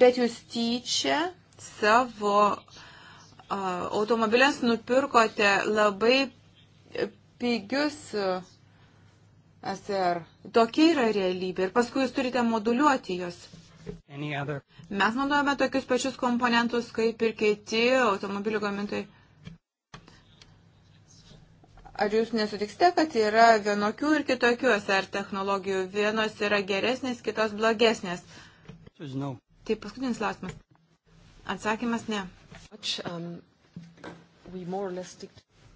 bet jūs tyčia savo uh, automobiliams nupirkote labai pigius SR. Tokia yra realybė ir paskui jūs turite moduliuoti jos. Mes naudojame tokius pačius komponentus kaip ir kiti automobilių gamintojai. Ar jūs nesutiksite, kad yra vienokių ir kitokių SR technologijų? Vienos yra geresnės, kitos blogesnės. Žinau. Tai paskutinis klausimas. Atsakymas ne. Ačiū. Um,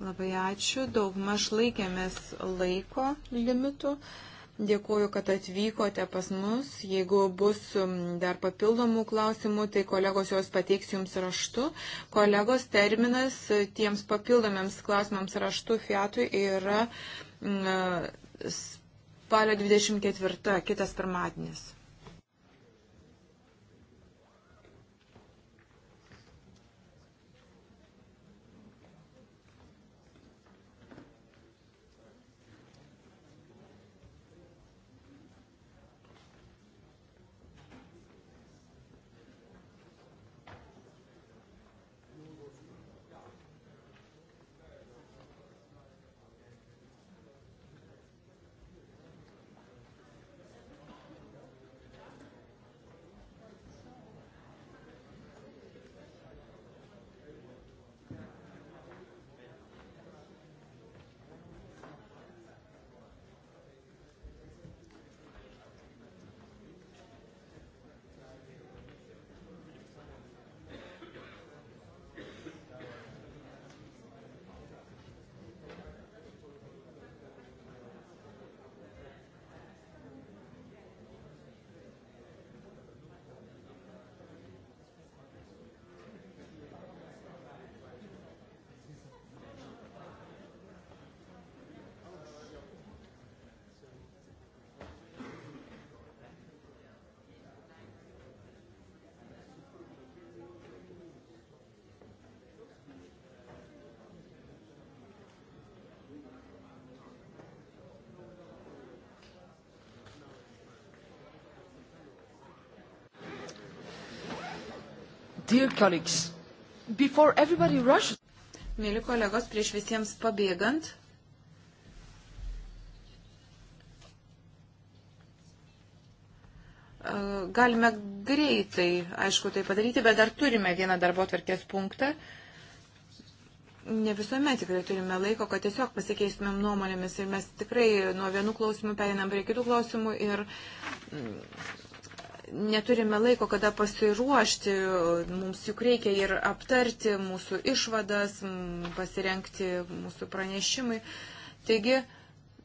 Labai ačiū, daug maž laikėmės laiko limitų. Dėkuoju, kad atvykote pas mus. Jeigu bus um, dar papildomų klausimų, tai kolegos juos pateiks jums raštu. Kolegos terminas e, tiems papildomiams klausimams raštu Fiatui yra mm, e, spalio 24, kitas pirmadienis. Mėly kolegos, prieš visiems pabėgant, e, galime greitai, aišku, tai padaryti, bet dar turime vieną darbo tvarkės punktą. Ne visuomet tikrai turime laiko, kad tiesiog pasikeistumėm nuomonėmis ir mes tikrai nuo vienų klausimų perinam prie kitų klausimų ir mm, neturime laiko, kada pasiruošti, mums juk reikia ir aptarti mūsų išvadas, pasirenkti mūsų pranešimai. Taigi,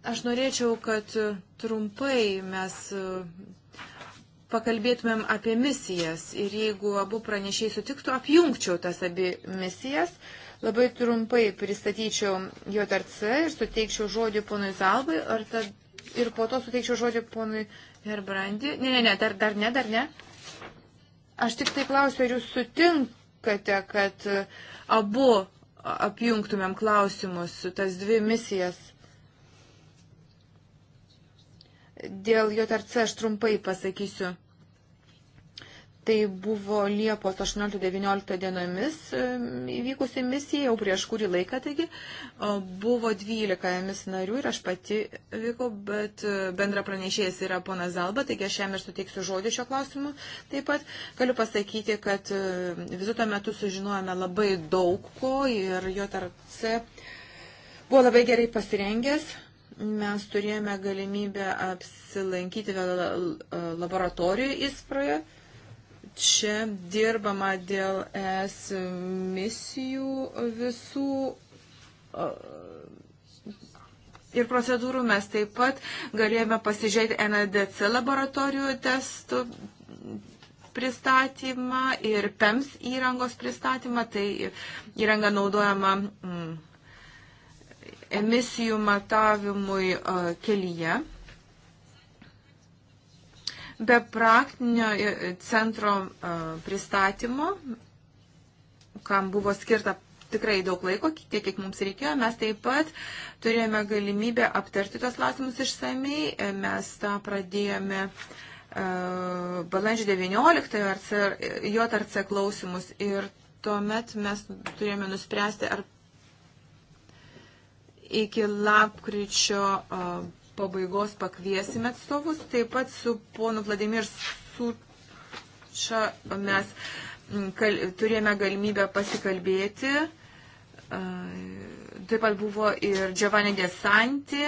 aš norėčiau, kad trumpai mes e, pakalbėtumėm apie misijas ir jeigu abu pranešiai sutiktų, apjungčiau tas abi misijas. Labai trumpai pristatyčiau JRC ir suteikčiau žodį ponui Zalbai, ar tad ir po to suteikčiau žodį ponui Gerbrandi. Ne, ne, ne, dar, dar ne, dar ne. Aš tik tai klausiu, ar jūs sutinkate, kad abu apjungtumėm klausimus, tas dvi misijas. Dėl JRC aš trumpai pasakysiu. Tai buvo Liepos 18-19 dienomis įvykusi misija, jau prieš kurį laiką, taigi buvo 12 mis narių ir aš pati vykau, bet e, bendra pranešėjas yra pona Zalba, taigi aš jam ir suteiksiu žodį šio klausimu. Taip pat galiu pasakyti, kad e, vizito metu sužinojame labai daug ko ir jo tarce buvo labai gerai pasirengęs mes turėjome galimybę apsilankyti e, laboratorijoje įsproje čia dirbama dėl es misijų visų. Ir procedūrų mes taip pat galėjome pasižiūrėti NADC laboratorijų testų pristatymą ir PEMS įrangos pristatymą. Tai įranga naudojama mm, emisijų matavimui kelyje. Be praktinio e, centro e, pristatymo, kam buvo skirta tikrai daug laiko, tiek kiek mums reikėjo, mes taip pat turėjome galimybę aptarti tos klausimus išsamei. E, mes tą pradėjome balandžio 19 JRC klausimus ir tuomet mes turėjome nuspręsti, ar iki lapkričio pabaigos pakviesime atstovus. Taip pat su ponu Vladimir Sučia mes mm, kal, turėjome galimybę pasikalbėti. Taip pat buvo ir Giovanni Desanti,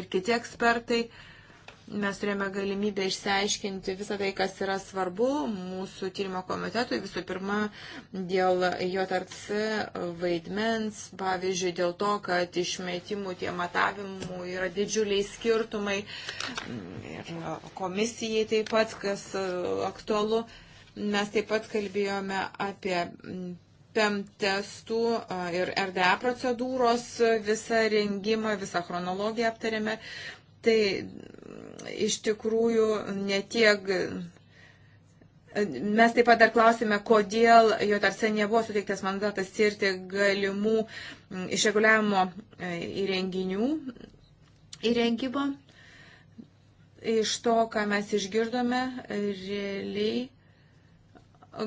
ir kiti ekspertai. Mes turėjome galimybę išsiaiškinti visą tai, kas yra svarbu mūsų tyrimo komitetui. Visų pirma, dėl JRC vaidmens, pavyzdžiui, dėl to, kad išmetimų tie matavimų yra didžiuliai skirtumai ir komisijai taip pat, kas aktualu. Mes taip pat kalbėjome apie PEM testų ir RDA procedūros visą rengimą, visą chronologiją aptarėme. Tai iš tikrųjų netiek. Mes taip pat dar klausime, kodėl jo tarsi nebuvo suteiktas mandatas tirti galimų išreguliavimo įrenginių įrengymo. Iš to, ką mes išgirdome, realiai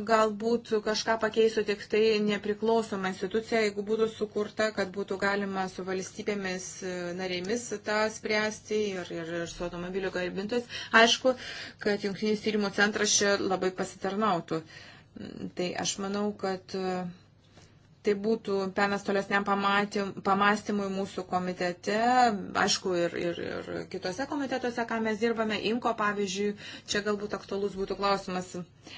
galbūt kažką pakeisų tik tai nepriklausoma institucija, jeigu būtų sukurta, kad būtų galima su valstybėmis e, narėmis tą spręsti ir, ir, ir su automobilių garbintojais. Aišku, kad Junktinis tyrimų centras čia labai pasitarnautų. Mm, tai aš manau, kad e, tai būtų penas tolesniam pamastymui mūsų komitete, aišku, ir, ir, ir kitose komitetuose, ką mes dirbame, IMKO pavyzdžiui, čia galbūt aktualus būtų klausimas. Uh,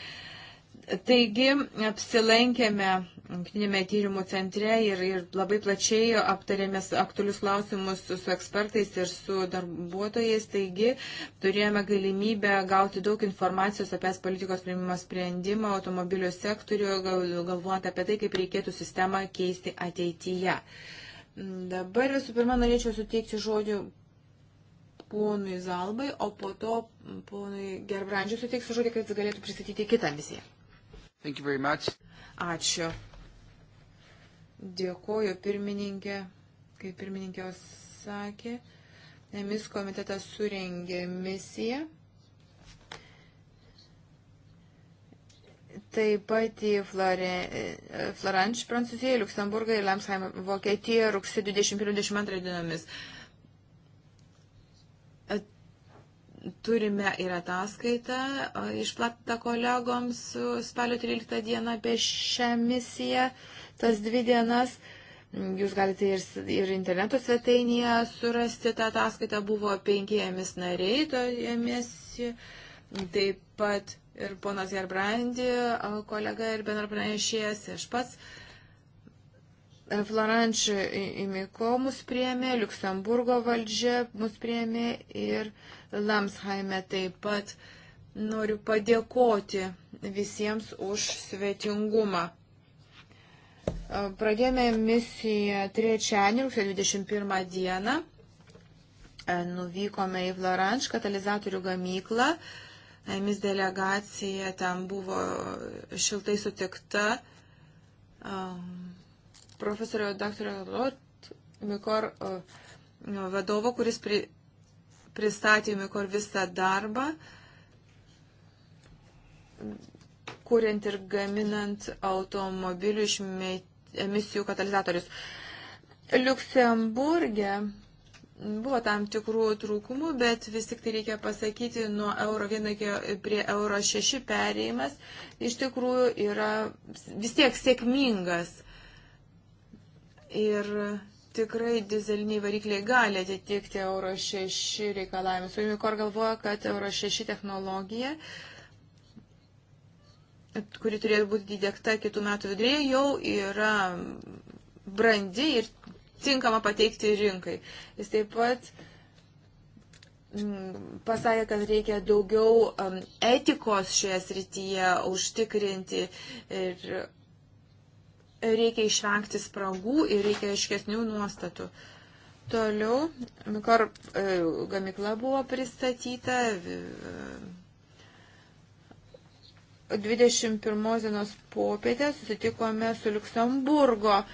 Taigi apsilankėme Junktinėme tyrimų centre ir, ir labai plačiai aptarėme aktualius klausimus su, su ekspertais ir su darbuotojais. Taigi turėjome galimybę gauti daug informacijos apie politikos priimimo sprendimą automobilio sektoriuje, gal, galvojant apie tai, kaip reikėtų sistemą keisti ateityje. Dabar visų pirma norėčiau suteikti žodžių ponui Zalbai, o po to ponui Gerbrandžiui suteiksiu žodį, kad jis galėtų pristatyti kitą misiją. Ačiū. Dėkuoju pirmininkė, kaip pirmininkė sakė, emis komitetas surengė misiją. Taip pat į Floranč, Prancūziją, Luksemburgą ir Lemsheim, Vokietiją rugsė 21-22 dienomis. Turime ir ataskaitą e, išplatą kolegoms e, spalio 13 dieną apie šią misiją, tas dvi dienas. Jūs galite ir, ir interneto svetainėje surasti tą ataskaitą, buvo penkiemis nariai toje misijoje, taip pat ir ponas Gerbrandi, e, kolega ir bendrapranešėjas, aš pats. Uh, Floranč Imiko mus priemė, Luksemburgo valdžia mus priemė ir Lamshaime taip pat noriu padėkoti visiems už svetingumą. Pradėjome misiją trečiąjį, rugsėjo 21 dieną. Nuvykome į Floranč katalizatorių gamyklą. Emis delegacija ten buvo šiltai sutikta. Um, profesorio daktario Lot Mikor nu, vadovo, kuris pri, pristatė Mikor visą darbą, kuriant ir gaminant automobilių iš emisijų katalizatorius. Liuksemburgė buvo tam tikrų trūkumų, bet vis tik tai reikia pasakyti, nuo euro 1 prie euro 6 perėjimas iš tikrųjų yra vis tiek sėkmingas. Ir tikrai dizeliniai varikliai gali atitikti Euro 6 reikalavimus. Unicor galvoja, kad Euro 6 technologija kuri turėtų būti įdėkta kitų metų vidurėje, jau yra brandi ir tinkama pateikti rinkai. Jis taip pat mm, pasakė, kad reikia daugiau mm, etikos šioje srityje užtikrinti ir reikia išvengti spragų ir reikia aiškesnių nuostatų. Toliau, mikor e, gamikla buvo pristatyta 21 e, dienos popietę, susitikome su Luksemburgo e,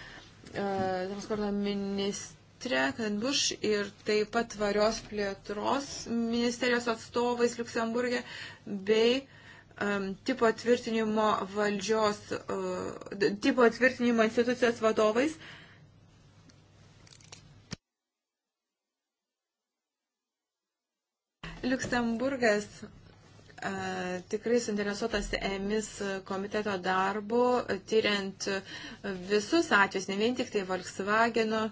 transporto ministre Kanbuš ir taip pat tvarios plėtros ministerijos atstovais Luksemburgė bei uh, Um, tipo tvirtinimo valdžios, uh, tipo tvirtinimo institucijos vadovais. Liuksemburgas uh, tikrai suinteresuotas EMIS komiteto darbu, tyriant visus atvejus, ne vien tik tai Volkswageno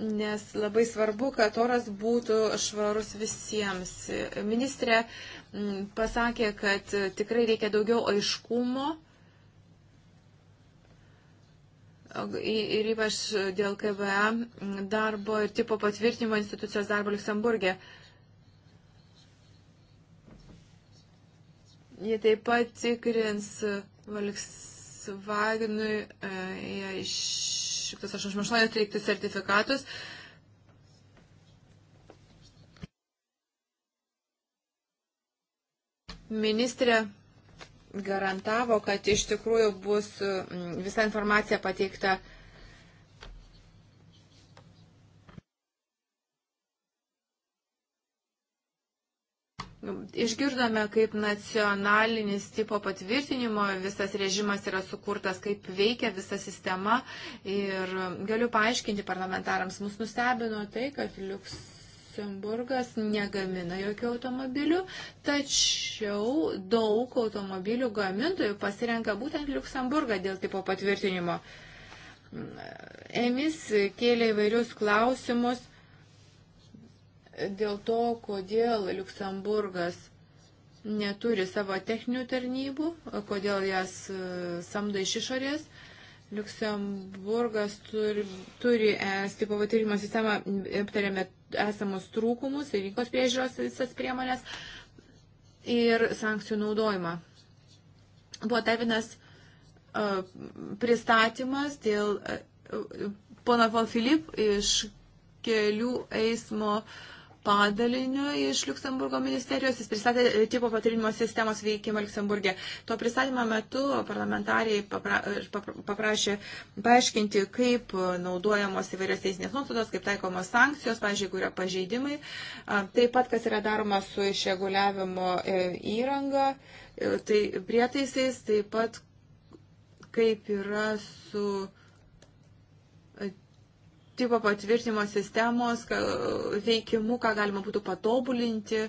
nes labai svarbu, kad oras būtų švarus visiems. Ministrė, pasakė, kad e, tikrai reikia daugiau aiškumo ir ypač dėl KVA darbo ir tipo patvirtinimo institucijos darbo Luxemburgė. Jie taip pat tikrins e, Volkswagenui 188 e, teikti sertifikatus. E, Ministrė garantavo, kad iš tikrųjų bus mm, visa informacija pateikta. Nu, išgirdome, kaip nacionalinis tipo patvirtinimo visas režimas yra sukurtas, kaip veikia visa sistema ir galiu paaiškinti parlamentarams, mus nustebino tai, kad liuks Luksemburgas negamina jokių automobilių, tačiau daug automobilių gamintojų pasirenka būtent Luksemburgą dėl tipo patvirtinimo. Emis kėlė įvairius klausimus dėl to, kodėl Luksemburgas neturi savo techninių tarnybų, kodėl jas e, samda iš išorės. Liuksemburgas turi, turi ES tipo patyrimo sistemą, aptarėme esamus trūkumus, rinkos priežiūros visas priemonės ir sankcijų naudojimą. Buvo dar vienas uh, pristatymas dėl uh, pono Von Filip iš kelių eismo uh, padaliniu iš Luksemburgo ministerijos. Jis pristatė e, tipo patrinimo sistemos veikimą Luksemburgė. Tuo pristatymo metu parlamentariai papra, papra, paprašė paaiškinti, kaip naudojamos įvairios teisinės nuostatos, kaip taikomos sankcijos, pažiūrėjau, jeigu yra pažeidimai. Taip pat, kas yra daroma su išreguliavimo e, įranga, e, tai prietaisais, taip pat kaip yra su tipo patvirtinimo sistemos veikimu, ką galima būtų patobulinti.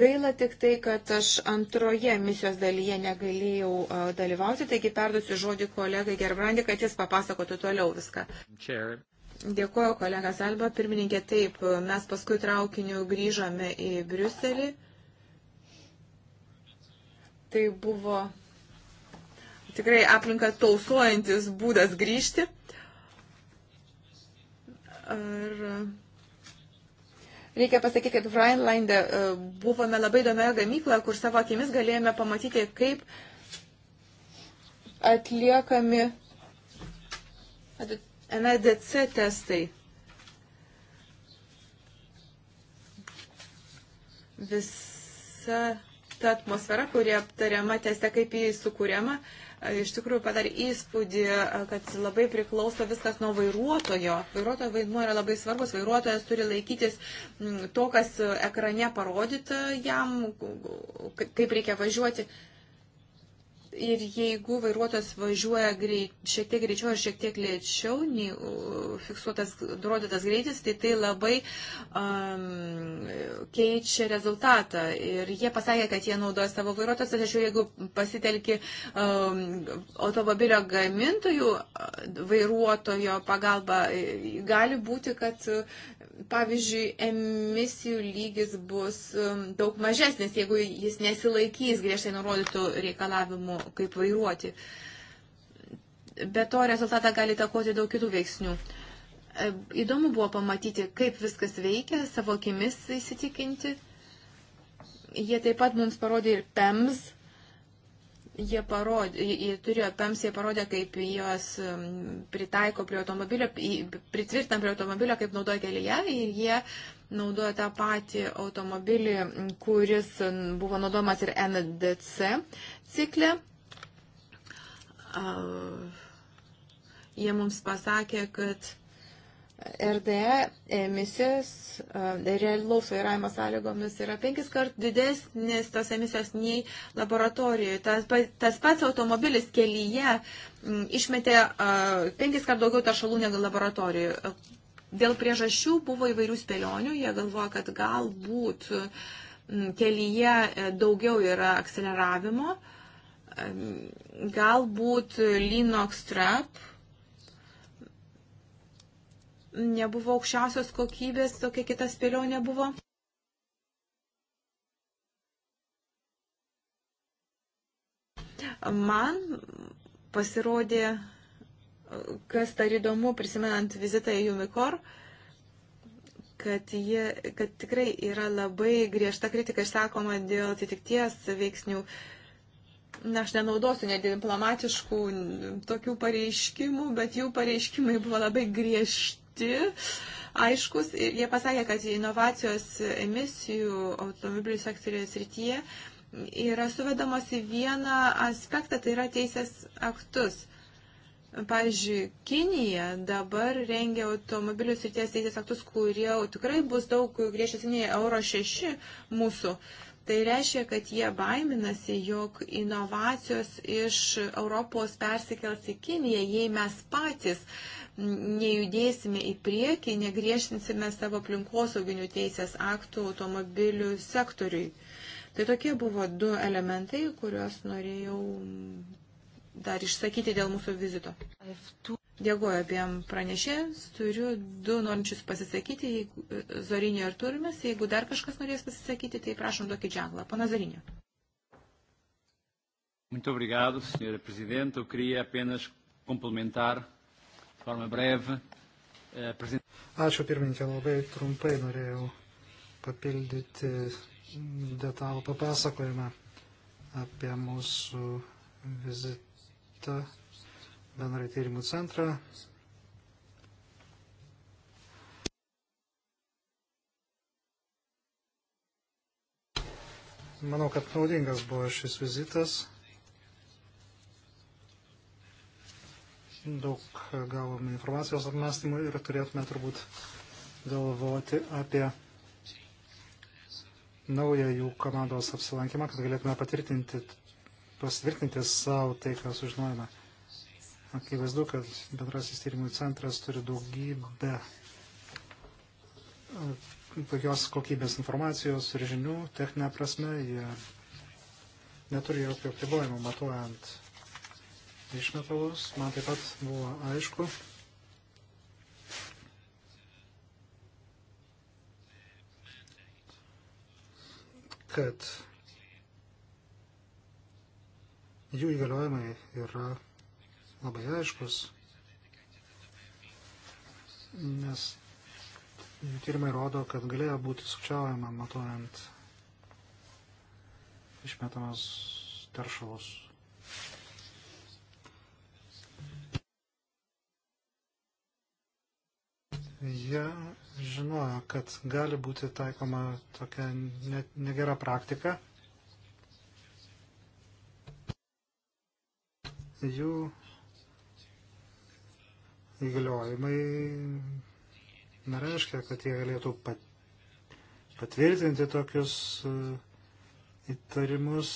Gaila tik tai, kad aš antroje misijos dalyje negalėjau dalyvauti, taigi perduosiu žodį kolegai Gerbrandi, kad jis papasakotų toliau viską. Chair. Dėkuoju, kolega Salba. Pirmininkė, taip, mes paskui traukiniu grįžome į Briuselį. Tai buvo tikrai aplinką tausojantis būdas grįžti. Ar... Reikia pasakyti, kad Rheinlande buvome labai įdomioje gamykloje, kur savo akimis galėjome pamatyti, kaip atliekami NDC testai. Visa ta atmosfera, kuri aptariama teste, kaip jį sukūriama, uh, E, iš tikrųjų padarė įspūdį, e, kad labai priklauso viskas nuo vairuotojo. Vairuotojo vaidmuo yra labai svarbus, vairuotojas turi laikytis to, kas e, ekrane parodyta jam, kaip reikia važiuoti. Ir jeigu vairuotojas važiuoja greit, šiek tiek greičiau ar šiek tiek lėčiau nei fiksuotas, nurodytas greitis, tai tai labai um, keičia rezultatą. Ir jie pasakė, kad jie naudoja savo vairuotojus, tačiau jeigu pasitelki um, automobilio gamintojų vairuotojo pagalba, gali būti, kad, pavyzdžiui, emisijų lygis bus um, daug mažesnis, jeigu jis nesilaikys griežtai nurodytų reikalavimų kaip vairuoti. Be to rezultatą gali takoti daug kitų veiksnių. E, įdomu buvo pamatyti, kaip viskas veikia, savo akimis įsitikinti. Jie taip pat mums parodė ir PEMS. Jie, parodė, jie turėjo PEMS, jie parodė, kaip juos um, pritaiko prie automobilio, pritvirtina prie automobilio, kaip naudoja kelyje ir jie naudoja tą patį automobilį, kuris um, buvo naudojamas ir NDC cikle jie mums pasakė, kad RDE emisijos realaus vairavimo sąlygomis yra penkis kart didesnės tos emisijos nei laboratorijoje. Tas, tas pats automobilis kelyje išmetė penkis kart daugiau taršalų negu laboratorijoje. Dėl priežasčių buvo įvairių spėlionių, jie galvoja, kad galbūt kelyje e, daugiau yra akceleravimo, uh, Galbūt Linux Trap nebuvo aukščiausios kokybės, tokia kita spėlionė buvo. Man pasirodė, kas dar įdomu, prisimenant vizitą į Jumikor, kad, jie, kad tikrai yra labai griežta kritika išsakoma dėl atitikties veiksnių. Uh, na, aš nenaudosiu nediplomatiškų tokių pareiškimų, bet jų pareiškimai buvo labai griežti, aiškus. Ir jie pasakė, kad inovacijos emisijų automobilių sektoriuje srityje yra suvedamos į vieną aspektą, tai yra teisės aktus. Pavyzdžiui, Kinija dabar rengia automobilių srities teisės aktus, kurie tikrai bus daug griežtesnė Euro 6 mūsų. Uh, Tai reiškia, kad jie baiminasi, jog inovacijos iš Europos persikels į Kiniją, jei mes patys nejudėsime į priekį, negriežtinsime savo aplinkosauginių teisės aktų automobilių sektoriui. Tai tokie buvo du elementai, kuriuos norėjau dar išsakyti dėl mūsų vizito. Dėkuoju abiem pranešėjams. Turiu du norinčius pasisakyti, e, Zorinio ir Turmes. Jeigu dar kažkas norės pasisakyti, tai prašom duokį ženklą. Pana Zorinio. Muito obrigado, Sra. Presidente. Eu queria apenas complementar, de forma breve, a Presidente. Ačiū pirmininkė, labai trumpai norėjau papildyti detalų papasakojimą apie mūsų vizitą bendrai tyrimų centrą. Manau, kad naudingas buvo šis vizitas. Daug gavome informacijos apmastymų ir turėtume turbūt galvoti apie naują jų komandos apsilankymą, kad galėtume patvirtinti, pasitvirtinti savo tai, ką sužinojame. Akivaizdu, kad bendrasis tyrimų centras turi daugybę tokios e, kokybės informacijos ir žinių, techninė prasme, jie neturi jokio apribojimo matuojant išmetalus. Man taip pat buvo aišku, kad jų įgaliojimai yra labai aiškus, nes jų tyrimai rodo, kad galėjo būti sukčiaujama matuojant išmetamas teršalus. Jie žinojo, kad gali būti taikoma tokia negera praktika. jų įgaliojimai nereiškia, kad jie galėtų patvirtinti tokius e, įtarimus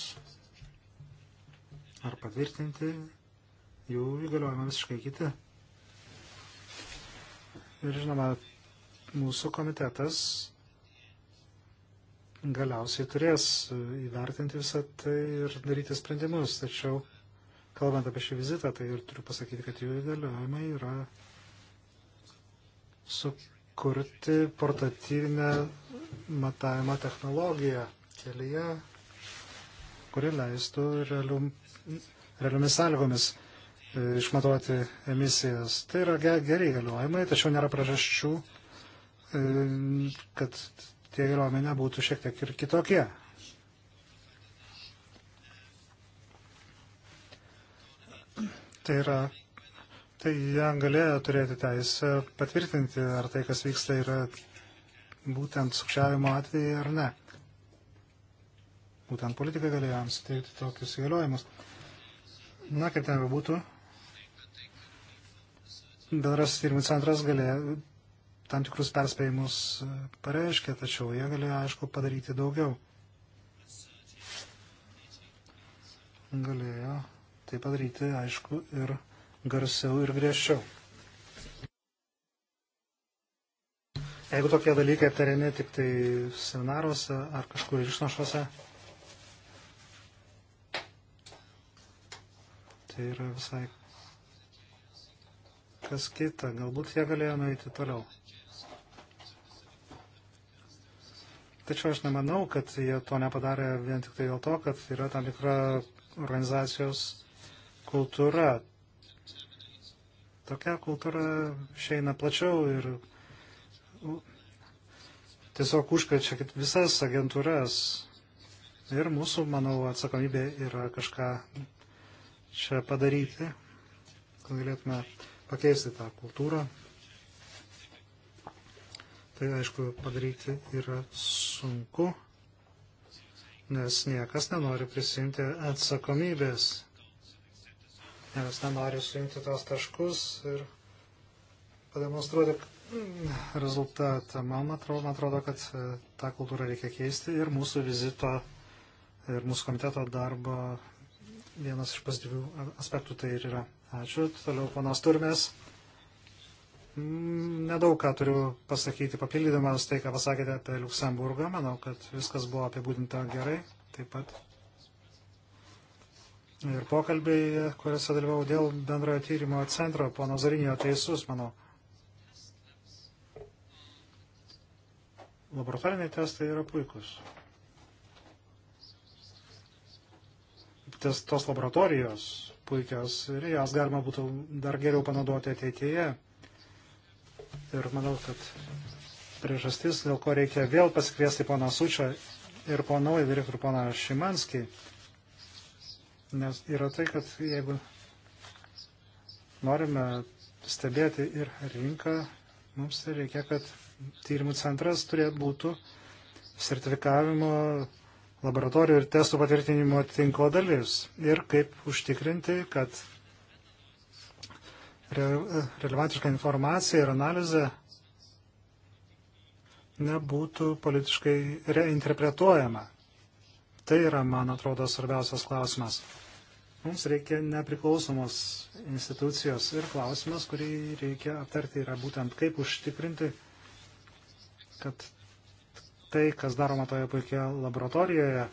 ar patvirtinti jų įgaliojimą visiškai kiti. Ir žinoma, mūsų komitetas galiausiai turės įvertinti visą tai ir daryti sprendimus, tačiau Kalbant apie šį vizitą, tai ir turiu pasakyti, kad jų įgaliojimai yra sukurti portatyvinę matavimo technologiją kelyje, kuri leistų realium, realiomis sąlygomis e, išmatuoti emisijas. Tai yra geri įgaliojimai, tačiau nėra priežasčių, e, kad tie įgaliojimai nebūtų šiek tiek ir kitokie. Tai yra, tai jie galėjo turėti teisę patvirtinti, ar tai, kas vyksta, yra būtent sukčiavimo atvejai ar ne. Būtent politikai galėjo jam suteikti tokius įgaliojimus. Na, kaip ten bebūtų, bendras tyrimų centras galėjo tam tikrus perspėjimus pareiškė, tačiau jie galėjo, aišku, padaryti daugiau. Galėjo tai padaryti, aišku, ir garsiau ir griežčiau. Jeigu tokie dalykai aptariami tik tai seminaruose ar kažkur išnašuose, tai yra visai kas kita. Galbūt jie galėjo nueiti toliau. Tačiau aš nemanau, kad jie to nepadarė vien tik tai dėl to, kad yra tam tikra organizacijos kultūra. Tokia kultūra šeina plačiau ir tiesiog užkrečia visas agentūras. Ir mūsų, manau, atsakomybė yra kažką čia padaryti, kad galėtume pakeisti tą kultūrą. Tai aišku, padaryti yra sunku, nes niekas nenori prisimti atsakomybės nes nenoriu sujungti tos taškus ir pademonstruoti mm, rezultatą. Man atrodo, man atrodo, kad e, tą kultūrą reikia keisti ir mūsų vizito ir mūsų komiteto darbo vienas iš pozityvių aspektų tai ir yra. Ačiū. Toliau panas Turmės. Mm, nedaug ką turiu pasakyti, papildydamas tai, ką pasakėte apie Luksemburgą. Manau, kad viskas buvo apibūdinta gerai. Taip pat ir pokalbiai, kuriuose dalyvau dėl bendrojo tyrimo centro, pono Zarinio teisus, manau. Laboratoriniai testai yra puikus. Ties, tos laboratorijos puikios ir jas galima būtų dar geriau panaudoti ateityje. Ir manau, kad priežastis, dėl ko reikia vėl pasikviesti poną Sučią ir poną direktorių poną Šimanskį, nes yra tai, kad jeigu norime stebėti ir rinką, mums reikia, kad tyrimų centras turėtų būtų sertifikavimo laboratorijų ir testų patvirtinimo tinklo dalis ir kaip užtikrinti, kad re, relevantiška informacija ir analizė nebūtų politiškai reinterpretuojama. Tai yra, man atrodo, svarbiausias klausimas. Mums reikia nepriklausomos institucijos ir klausimas, kurį reikia aptarti, yra būtent kaip užtikrinti, kad tai, kas daroma toje puikioje laboratorijoje,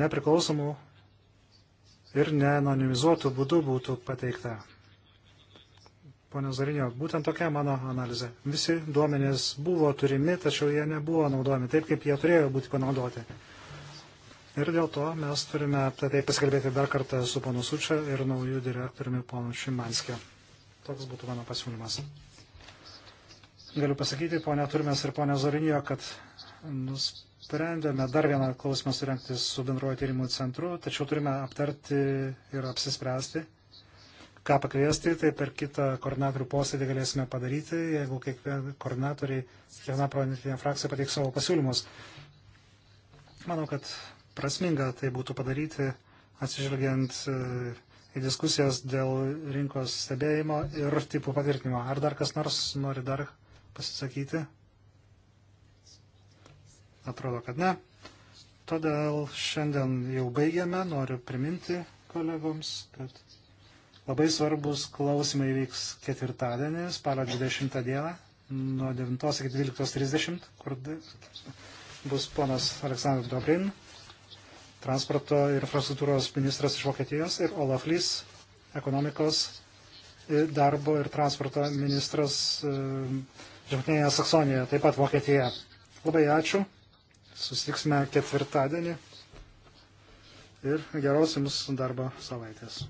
nepriklausomų ir neanonimizuotų būdų būtų pateikta. Pone Zarinio, būtent tokia mano analizė. Visi duomenys buvo turimi, tačiau jie nebuvo naudojami taip, kaip jie turėjo būti panaudoti. Ir dėl to mes turime apie tai pasikalbėti dar kartą su ponu Sučia ir naujų direktoriumi ponu Šimanskė. Toks būtų mano pasiūlymas. Galiu pasakyti, ponė Turmės ir ponė Zorinijo, kad nusprendėme dar vieną klausimą surenkti su bendruoju tyrimų centru, tačiau turime aptarti ir apsispręsti, ką pakviesti, tai per kitą koordinatorių posėdį galėsime padaryti, jeigu kiekvieni koordinatoriai, kiekviena pranešinė frakcija pateiks savo pasiūlymus. Manau, kad prasminga tai būtų padaryti, atsižvelgiant e, į diskusijas dėl rinkos stebėjimo ir tipų patvirtinimo. Ar dar kas nors nori dar pasisakyti? Atrodo, kad ne. Todėl šiandien jau baigiame. Noriu priminti kolegoms, kad labai svarbus klausimai vyks ketvirtadienį, spalio 20 dieną, nuo 9 iki 12.30, kur bus ponas Aleksandras Dobrin, transporto ir infrastruktūros ministras iš Vokietijos ir Olaf Lys, ekonomikos darbo ir transporto ministras e, Žemtinėje Saksonijoje, taip pat Vokietija. Labai ačiū. Susitiksime ketvirtadienį ir geros jums darbo savaitės.